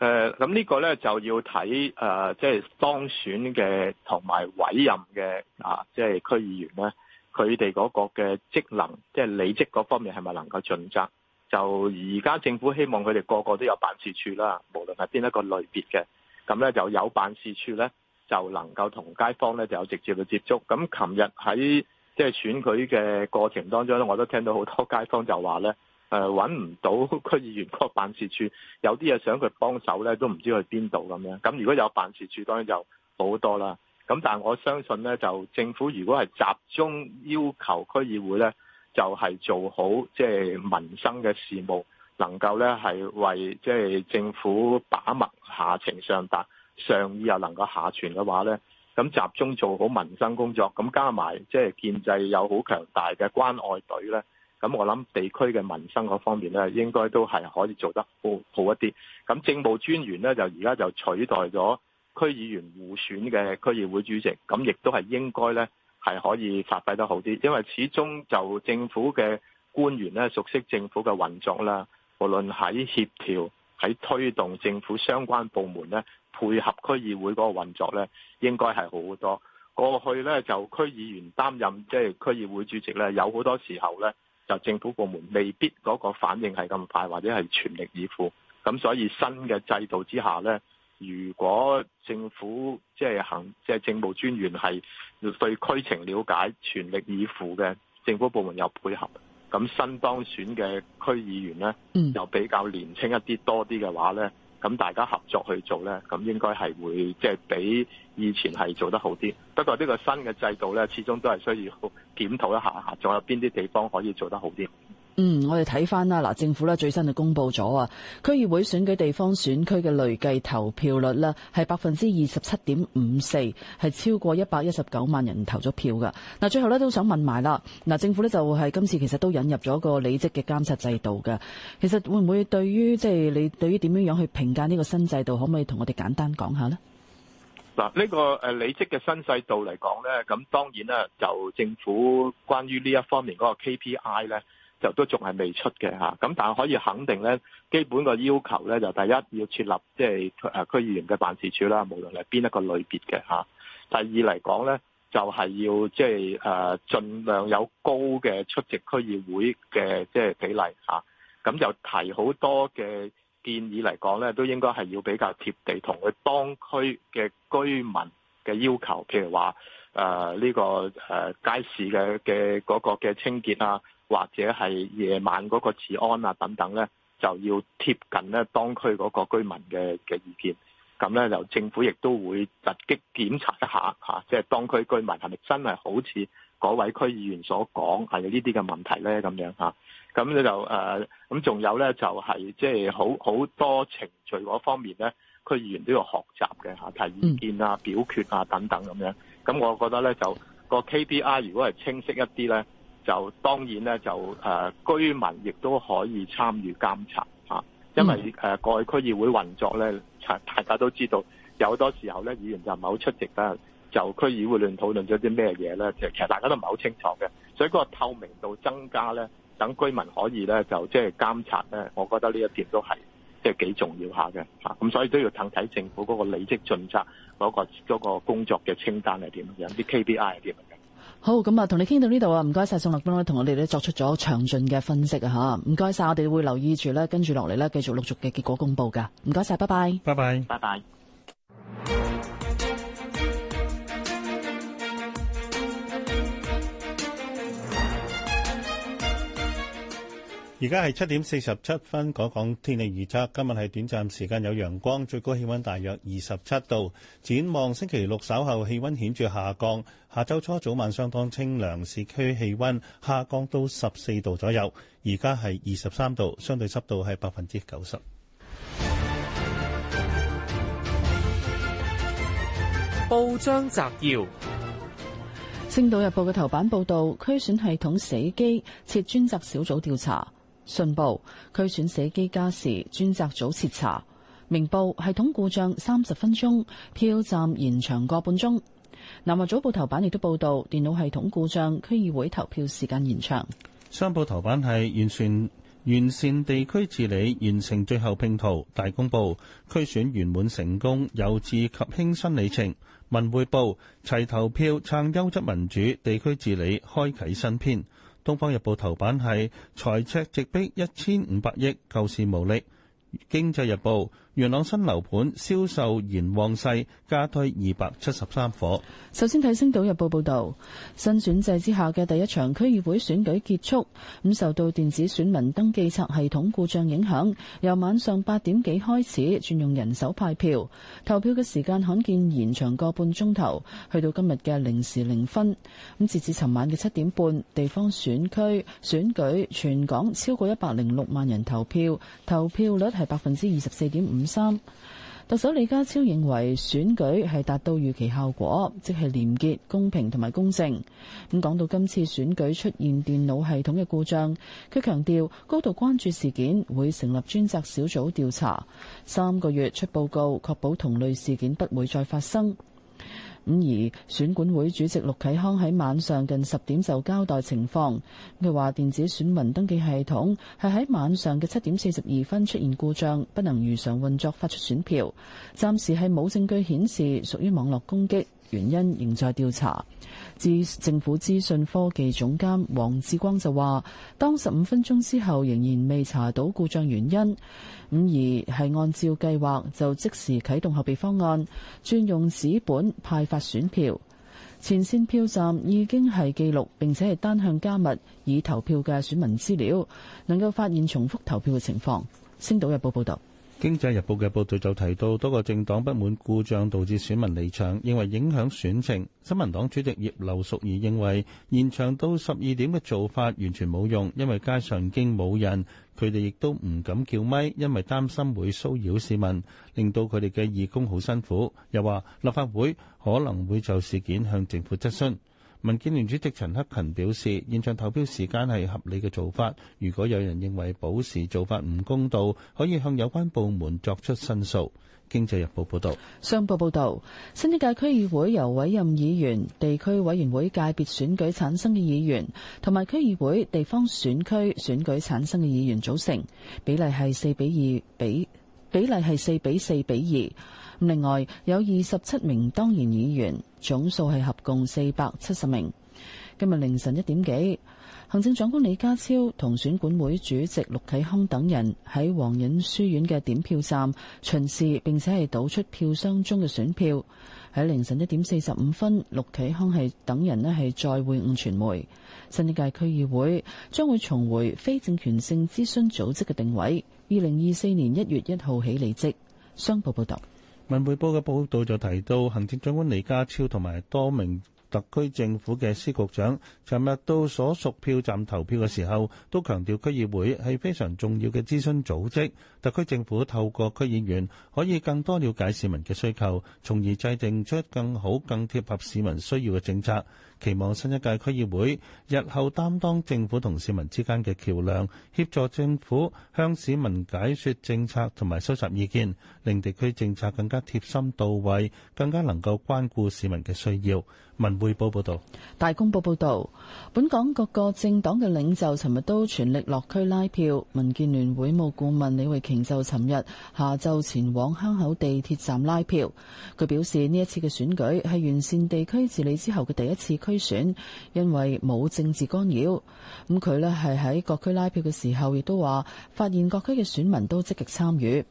誒、呃，咁呢個咧就要睇誒，即、呃、係、即係、當選嘅同埋委任嘅啊，即係區議員咧。佢哋嗰個嘅職能，即係履職嗰方面，係咪能夠盡責？就而家政府希望佢哋個個都有辦事處啦，無論係邊一個類別嘅，咁呢就有辦事處呢，就能夠同街坊呢就有直接嘅接觸。咁琴日喺即係選舉嘅過程當中，呢，我都聽到好多街坊就話呢：呃「誒揾唔到區議員個辦事處，有啲嘢想佢幫手呢，都唔知去邊度咁樣。咁如果有辦事處，當然就好多啦。咁但係我相信呢，就政府如果係集中要求區議會呢，就係做好即係民生嘅事務，能夠呢，係為即係政府把脈下情上達上意又能夠下傳嘅話呢，呢咁集中做好民生工作，咁加埋即係建制有好強大嘅關愛隊呢，咁我諗地區嘅民生嗰方面呢，應該都係可以做得好好一啲。咁政務專員呢，就而家就取代咗。區議員互選嘅區議會主席，咁亦都係應該呢，係可以發揮得好啲，因為始終就政府嘅官員呢，熟悉政府嘅運作啦，無論喺協調、喺推動政府相關部門呢，配合區議會嗰個運作呢，應該係好好多。過去呢，就區議員擔任即係、就是、區議會主席呢，有好多時候呢，就政府部門未必嗰個反應係咁快，或者係全力以赴，咁所以新嘅制度之下呢。如果政府即係行即係政務專員係對區情了解全力以赴嘅，政府部門又配合，咁新當選嘅區議員呢又比較年青一啲多啲嘅話呢，咁大家合作去做呢，咁應該係會即係比以前係做得好啲。不過呢個新嘅制度呢，始終都係需要檢討一下，仲有邊啲地方可以做得好啲。嗯，我哋睇翻啦，嗱，政府咧最新就公布咗啊，區議會選舉地方選區嘅累計投票率呢，係百分之二十七點五四，係超過一百一十九萬人投咗票噶。嗱，最後咧都想問埋啦，嗱，政府咧就係今次其實都引入咗個履職嘅監察制度嘅，其實會唔會對於即係你對於點樣樣去評價呢個新制度，可唔可以同我哋簡單講下呢？嗱，呢個誒履職嘅新制度嚟講咧，咁當然啦，就政府關於呢一方面嗰個 KPI 咧。就都仲係未出嘅吓，咁、啊、但係可以肯定咧，基本個要求咧就第一要設立即係誒區議員嘅辦事處啦，無論係邊一個類別嘅吓，第二嚟講咧，就係、是、要即係誒儘量有高嘅出席區議會嘅即係比例吓，咁、啊、就提好多嘅建議嚟講咧，都應該係要比較貼地同佢當區嘅居民嘅要求，譬如話誒呢個誒、啊、街市嘅嘅嗰個嘅清潔啊。或者係夜晚嗰個治安啊等等呢，就要貼近呢當區嗰個居民嘅嘅意見。咁呢，就政府亦都會突擊檢查一下嚇，即、啊、係、就是、當區居民係咪真係好似嗰位區議員所講係、啊、有呢啲嘅問題呢？咁樣嚇。咁、啊、呢就誒，咁、呃、仲有呢，就係即係好好多程序嗰方面呢，區議員都要學習嘅嚇、啊，提意見啊、表決啊等等咁樣。咁我覺得呢，就個 KPI 如果係清晰一啲呢。就當然咧，就誒、呃、居民亦都可以參與監察嚇、啊，因為誒、呃、過去區議會運作咧，其實大家都知道有好多時候咧，議員就唔係好出席啦，就區議會亂討論咗啲咩嘢咧，其實大家都唔係好清楚嘅，所以嗰個透明度增加咧，等居民可以咧就即係監察咧，我覺得呢一點都係即係幾重要下嘅嚇，咁、啊、所以都要睇睇政府嗰個履職盡責嗰、嗰個嗰個工作嘅清單係點樣，啲 KPI 係點。好，咁啊，同你傾到呢度啊，唔該晒宋立軍咧，同我哋咧作出咗詳盡嘅分析啊，吓，唔該晒，我哋會留意住咧，跟住落嚟咧，繼續陸續嘅結果公布噶，唔該晒，拜拜，拜拜，拜拜。而家係七點四十七分，講講天氣預測：今日係短暫時間有陽光，最高氣温大約二十七度。展望星期六稍後氣温顯著下降，下周初早晚相當清涼，市區氣温下降到十四度左右。而家係二十三度，相對濕度係百分之九十。報章摘要：《星島日報》嘅頭版報道：區選系統死機，設專責小組調查。信報區選寫機加時專責組徹查。明報系統故障三十分鐘，票站延長個半鐘。南華早報頭版亦都報道電腦系統故障，區議會投票時間延長。商報頭版係完全完善地區治理，完成最後拼圖。大公報區選圓滿成功，由治及興新里程。文匯報齊投票撐優質民主，地區治理開啟新篇。東方日報頭版係財赤直逼一千五百億，救市無力，《經濟日報》。元朗新樓盤銷售延旺勢，加推二百七十三伙。首先睇《星島日報》報道，新選制之下嘅第一場區議會選舉結束。咁受到電子選民登記冊系統故障影響，由晚上八點幾開始轉用人手派票，投票嘅時間罕見延長個半鐘頭，去到今日嘅零時零分。咁截至尋晚嘅七點半，地方選區選舉，全港超過一百零六萬人投票，投票率係百分之二十四點五。五三，特首李家超認為選舉係達到預期效果，即係廉潔、公平同埋公正。咁講到今次選舉出現電腦系統嘅故障，佢強調高度關注事件，會成立專責小組調查，三個月出報告，確保同類事件不會再發生。五而選管會主席陸啟康喺晚上近十點就交代情況，佢話電子選民登記系統係喺晚上嘅七點四十二分出現故障，不能如常運作發出選票，暫時係冇證據顯示屬於網絡攻擊，原因仍在調查。至政府資訊科技總監黃志光就話：當十五分鐘之後仍然未查到故障原因，咁而係按照計劃就即時啟動後備方案，轉用紙本派發選票。前線票站已經係記錄並且係單向加密已投票嘅選民資料，能夠發現重複投票嘅情況。星島日報報道。《經濟日報》嘅報導就提到，多個政黨不滿故障導致選民離場，認為影響選情。新民黨主席葉劉淑儀認為，延長到十二點嘅做法完全冇用，因為街上已經冇人，佢哋亦都唔敢叫咪，因為擔心會騷擾市民，令到佢哋嘅義工好辛苦。又話立法會可能會就事件向政府質詢。民建聯主席陳克勤表示，現場投票時間係合理嘅做法。如果有人認為保時做法唔公道，可以向有關部門作出申訴。經濟日報報道，商報報道，新一屆區議會由委任議員、地區委員會界別選舉產生嘅議員，同埋區議會地方選區選舉產生嘅議員組成，比例係四比二比比例係四比四比二。另外有二十七名當然議員。總數係合共四百七十名。今日凌晨一點幾，行政長官李家超同選管會主席陸啟康等人喺黃仁書院嘅點票站巡視，並且係倒出票箱中嘅選票。喺凌晨一點四十五分，陸啟康係等人咧係再會晤傳媒。新一屆區議會將會重回非政權性諮詢組織嘅定位。二零二四年一月一號起離職。商報報道。文匯報嘅報道就提到，行政長官李家超同埋多名特區政府嘅司局長，尋日到所屬票站投票嘅時候，都強調區議會係非常重要嘅諮詢組織，特區政府透過區議員可以更多了解市民嘅需求，從而制定出更好、更貼合市民需要嘅政策。期望新一屆區議會日後擔當政府同市民之間嘅橋梁，協助政府向市民解說政策同埋收集意見，令地區政策更加貼心到位，更加能夠關顧市民嘅需要。文匯報報道，大公報報道，本港各個政黨嘅領袖尋日都全力落區拉票。民建聯會務顧問李慧瓊就尋日下晝前往坑口地鐵站拉票。佢表示呢一次嘅選舉係完善地區治理之後嘅第一次區選，因為冇政治干擾。咁佢呢係喺各區拉票嘅時候，亦都話發現各區嘅選民都積極參與。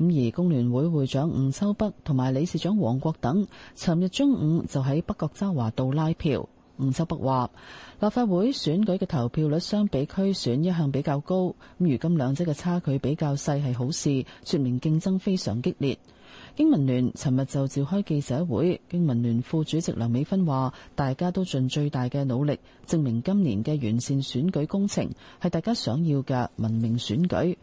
咁而工聯會會長吳秋北同埋理事長黃國等，尋日中午就喺北角渣華道拉票。吳秋北話：立法會選舉嘅投票率相比區選一向比較高，咁如今兩者嘅差距比較細係好事，說明競爭非常激烈。經民聯尋日就召開記者會，經民聯副主席梁美芬話：大家都盡最大嘅努力，證明今年嘅完善選舉工程係大家想要嘅文明選舉。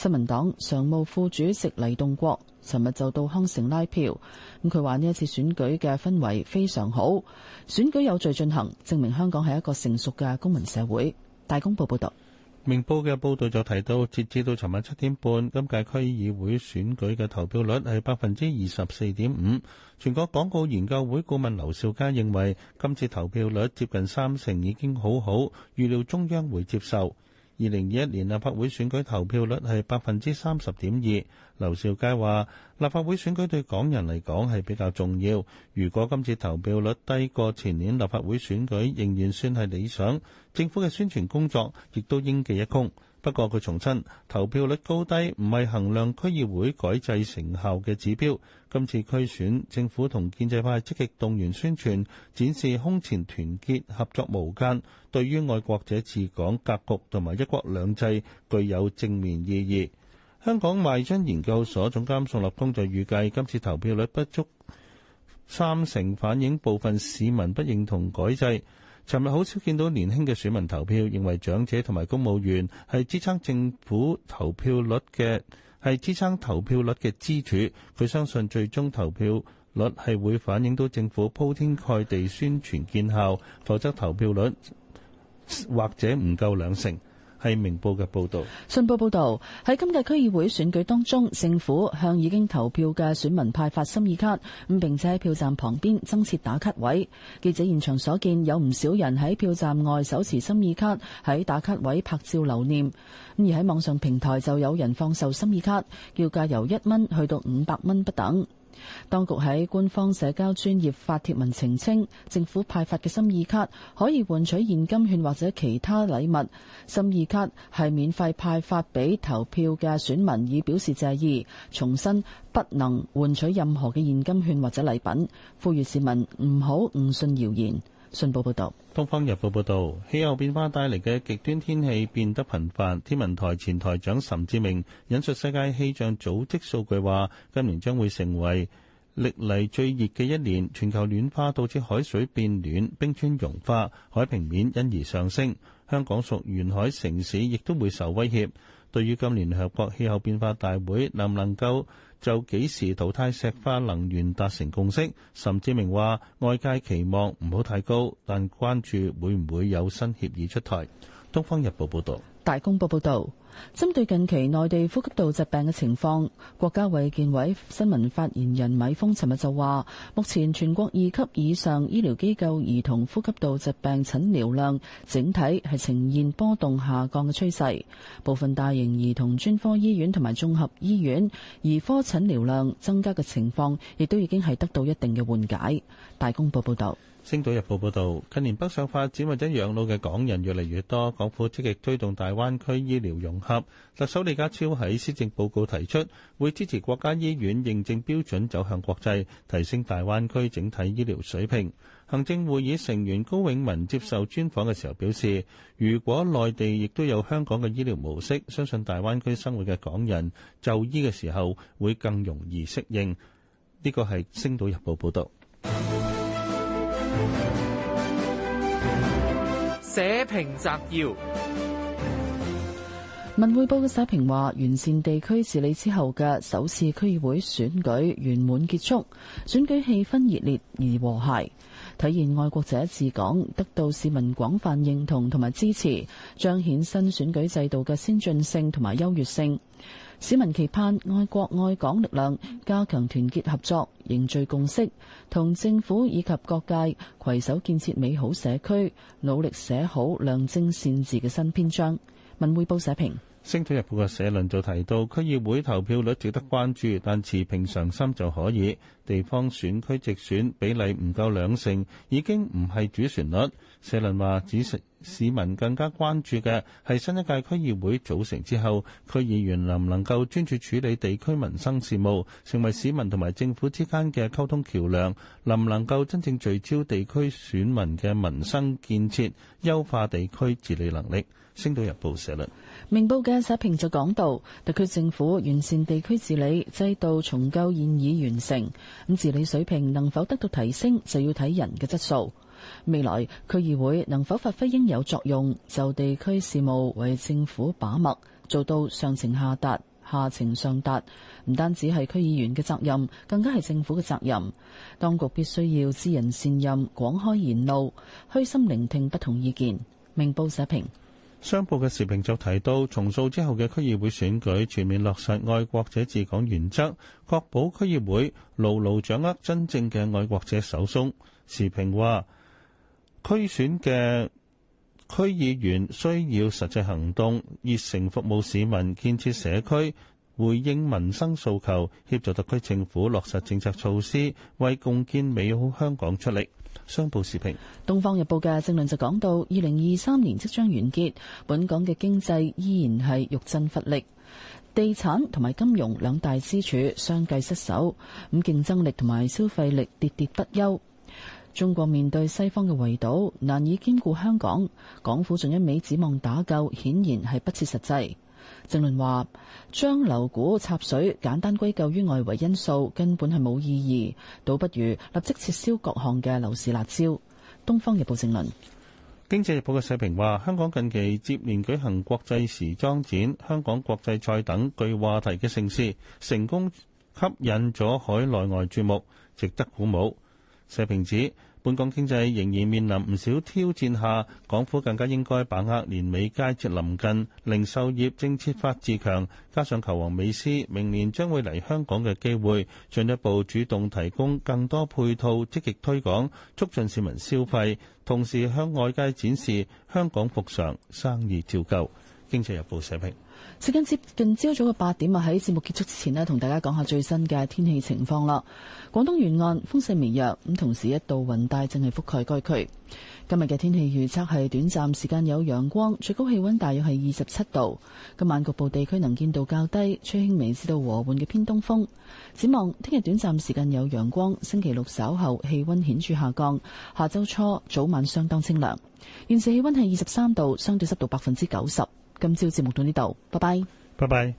新民黨常務副主席黎棟國尋日就到康城拉票，咁佢話呢一次選舉嘅氛圍非常好，選舉有序進行，證明香港係一個成熟嘅公民社會。大公報報道，明報嘅報道就提到，截至到尋日七點半，今屆區議會選舉嘅投票率係百分之二十四點五。全國廣告研究會顧問劉兆佳認為，今次投票率接近三成已經好好，預料中央會接受。二零二一年立法會選舉投票率係百分之三十點二。劉兆佳話：立法會選舉對港人嚟講係比較重要。如果今次投票率低過前年立法會選舉，仍然算係理想。政府嘅宣傳工作亦都應記一功。不過佢重申，投票率高低唔係衡量區議會改制成效嘅指標。今次區選，政府同建制派積極動員宣傳，展示空前團結合作無間，對於愛國者治港格局同埋一國兩制具有正面意義。香港邁進研究所總監宋立功就預計，今次投票率不足三成，反映部分市民不認同改制。尋日好少見到年輕嘅選民投票，認為長者同埋公務員係支撐政府投票率嘅，係支撐投票率嘅支柱。佢相信最終投票率係會反映到政府鋪天蓋地宣傳見效，否則投票率或者唔夠兩成。係明報嘅報道，信報報導喺今日區議會選舉當中，政府向已經投票嘅選民派發心意卡，咁並且喺票站旁邊增設打卡位。記者現場所見，有唔少人喺票站外手持心意卡喺打卡位拍照留念，而喺網上平台就有人放售心意卡，叫價由一蚊去到五百蚊不等。當局喺官方社交專業發帖文澄清，政府派發嘅心意卡可以換取現金券或者其他禮物，心意卡係免費派發俾投票嘅選民以表示謝意。重申不能換取任何嘅現金券或者禮品，呼籲市民唔好誤信謠言。信報報道：《東方日報》報道，氣候變化帶嚟嘅極端天氣變得頻繁。天文台前台長岑志明引述世界氣象組織數據話，今年將會成為歷嚟最熱嘅一年。全球暖化導致海水變暖、冰川融化、海平面因而上升。香港屬沿海城市，亦都會受威脅。對於今年聯合國氣候變化大會能唔能夠，就幾時淘汰石化能源達成共識，岑志明話：外界期望唔好太高，但關注會唔會有新協議出台。《東方日報》報道，《大公報》報道。針對近期內地呼吸道疾病嘅情況，國家衛健委新聞發言人米峰尋日就話，目前全國二級以上醫療機構兒童呼吸道疾病診療量整體係呈現波動下降嘅趨勢，部分大型兒童專專科醫院同埋綜合醫院兒科診療量增加嘅情況，亦都已經係得到一定嘅緩解。大公報報道。星島日報報道，近年北上發展或者養老嘅港人越嚟越多，港府積極推動大灣區醫療融合。特首李家超喺施政報告提出，會支持國家醫院認證標準走向國際，提升大灣區整體醫療水平。行政會議成員高永文接受專訪嘅時候表示，如果內地亦都有香港嘅醫療模式，相信大灣區生活嘅港人就醫嘅時候會更容易適應。呢個係星島日報報道。社評摘要：文匯報嘅社評話，完善地區治理之後嘅首次區議會選舉圓滿結束，選舉氣氛熱烈而和諧，體現愛國者治港得到市民廣泛認同同埋支持，彰顯新選舉制度嘅先進性同埋優越性。市民期盼愛國愛港力量加強團結合作，凝聚共識，同政府以及各界攜手建設美好社區，努力寫好良政善治嘅新篇章。文匯報社評，《星島日報》嘅社論就提到，區議會投票率值得關注，但持平常心就可以。地方選區直選比例唔夠兩成已經唔係主旋律。社論話，指市民更加關注嘅係新一屆區議會組成之後，區議員能唔能夠專注處理地區民生事務，成為市民同埋政府之間嘅溝通橋梁，能唔能夠真正聚焦地區選民嘅民生建設，優化地區治理能力。星島日報社論。明報嘅社評就講到，特區政府完善地區治理制度，重構現已完成。咁治理水平能否得到提升，就要睇人嘅質素。未來區議會能否發揮應有作用，就地區事務為政府把脈，做到上情下達、下情上達，唔單止係區議員嘅責任，更加係政府嘅責任。當局必須要知人善任，廣開言路，虛心聆聽不同意見。明報社評。商報嘅時評就提到，重塑之後嘅區議會選舉全面落實愛國者治港原則，確保區議會牢牢掌握真正嘅愛國者手中。時評話，區選嘅區議員需要實際行動，熱誠服務市民，建設社區，回應民生訴求，協助特區政府落實政策措施，為共建美好香港出力。商報視頻，東方日報嘅正論就講到，二零二三年即將完結，本港嘅經濟依然係欲振乏力，地產同埋金融兩大支柱相繼失守，咁競爭力同埋消費力跌跌不休。中國面對西方嘅圍堵，難以兼顧香港，港府仲一味指望打救，顯然係不切實際。正論話將樓股插水簡單歸咎於外圍因素，根本係冇意義，倒不如立即撤銷各項嘅樓市辣椒。東方日報正論。經濟日報嘅社評話，香港近期接連舉行國際時裝展、香港國際賽等具話題嘅盛事，成功吸引咗海內外注目，值得鼓舞。社評指。本港經濟仍然面臨唔少挑戰下，港府更加應該把握年尾佳節臨近，零售業政策發自強，加上球王美斯明年將會嚟香港嘅機會，進一步主動提供更多配套，積極推廣，促進市民消費，同時向外界展示香港復常，生意照舊。經濟日報社評。接近時間接近朝早嘅八點啊，喺節目結束之前呢，同大家講下最新嘅天氣情況啦。廣東沿岸風勢微弱，咁同時一道雲帶正係覆蓋該區。今日嘅天氣預測係短暫時間有陽光，最高氣溫大約係二十七度。今晚局部地區能見度較低，吹輕微至到和緩嘅偏東風。展望聽日短暫時間有陽光，星期六稍後氣溫顯著下降。下周初早晚相當清涼。現時氣溫係二十三度，相對濕度百分之九十。今朝節目到呢度，拜拜，拜拜。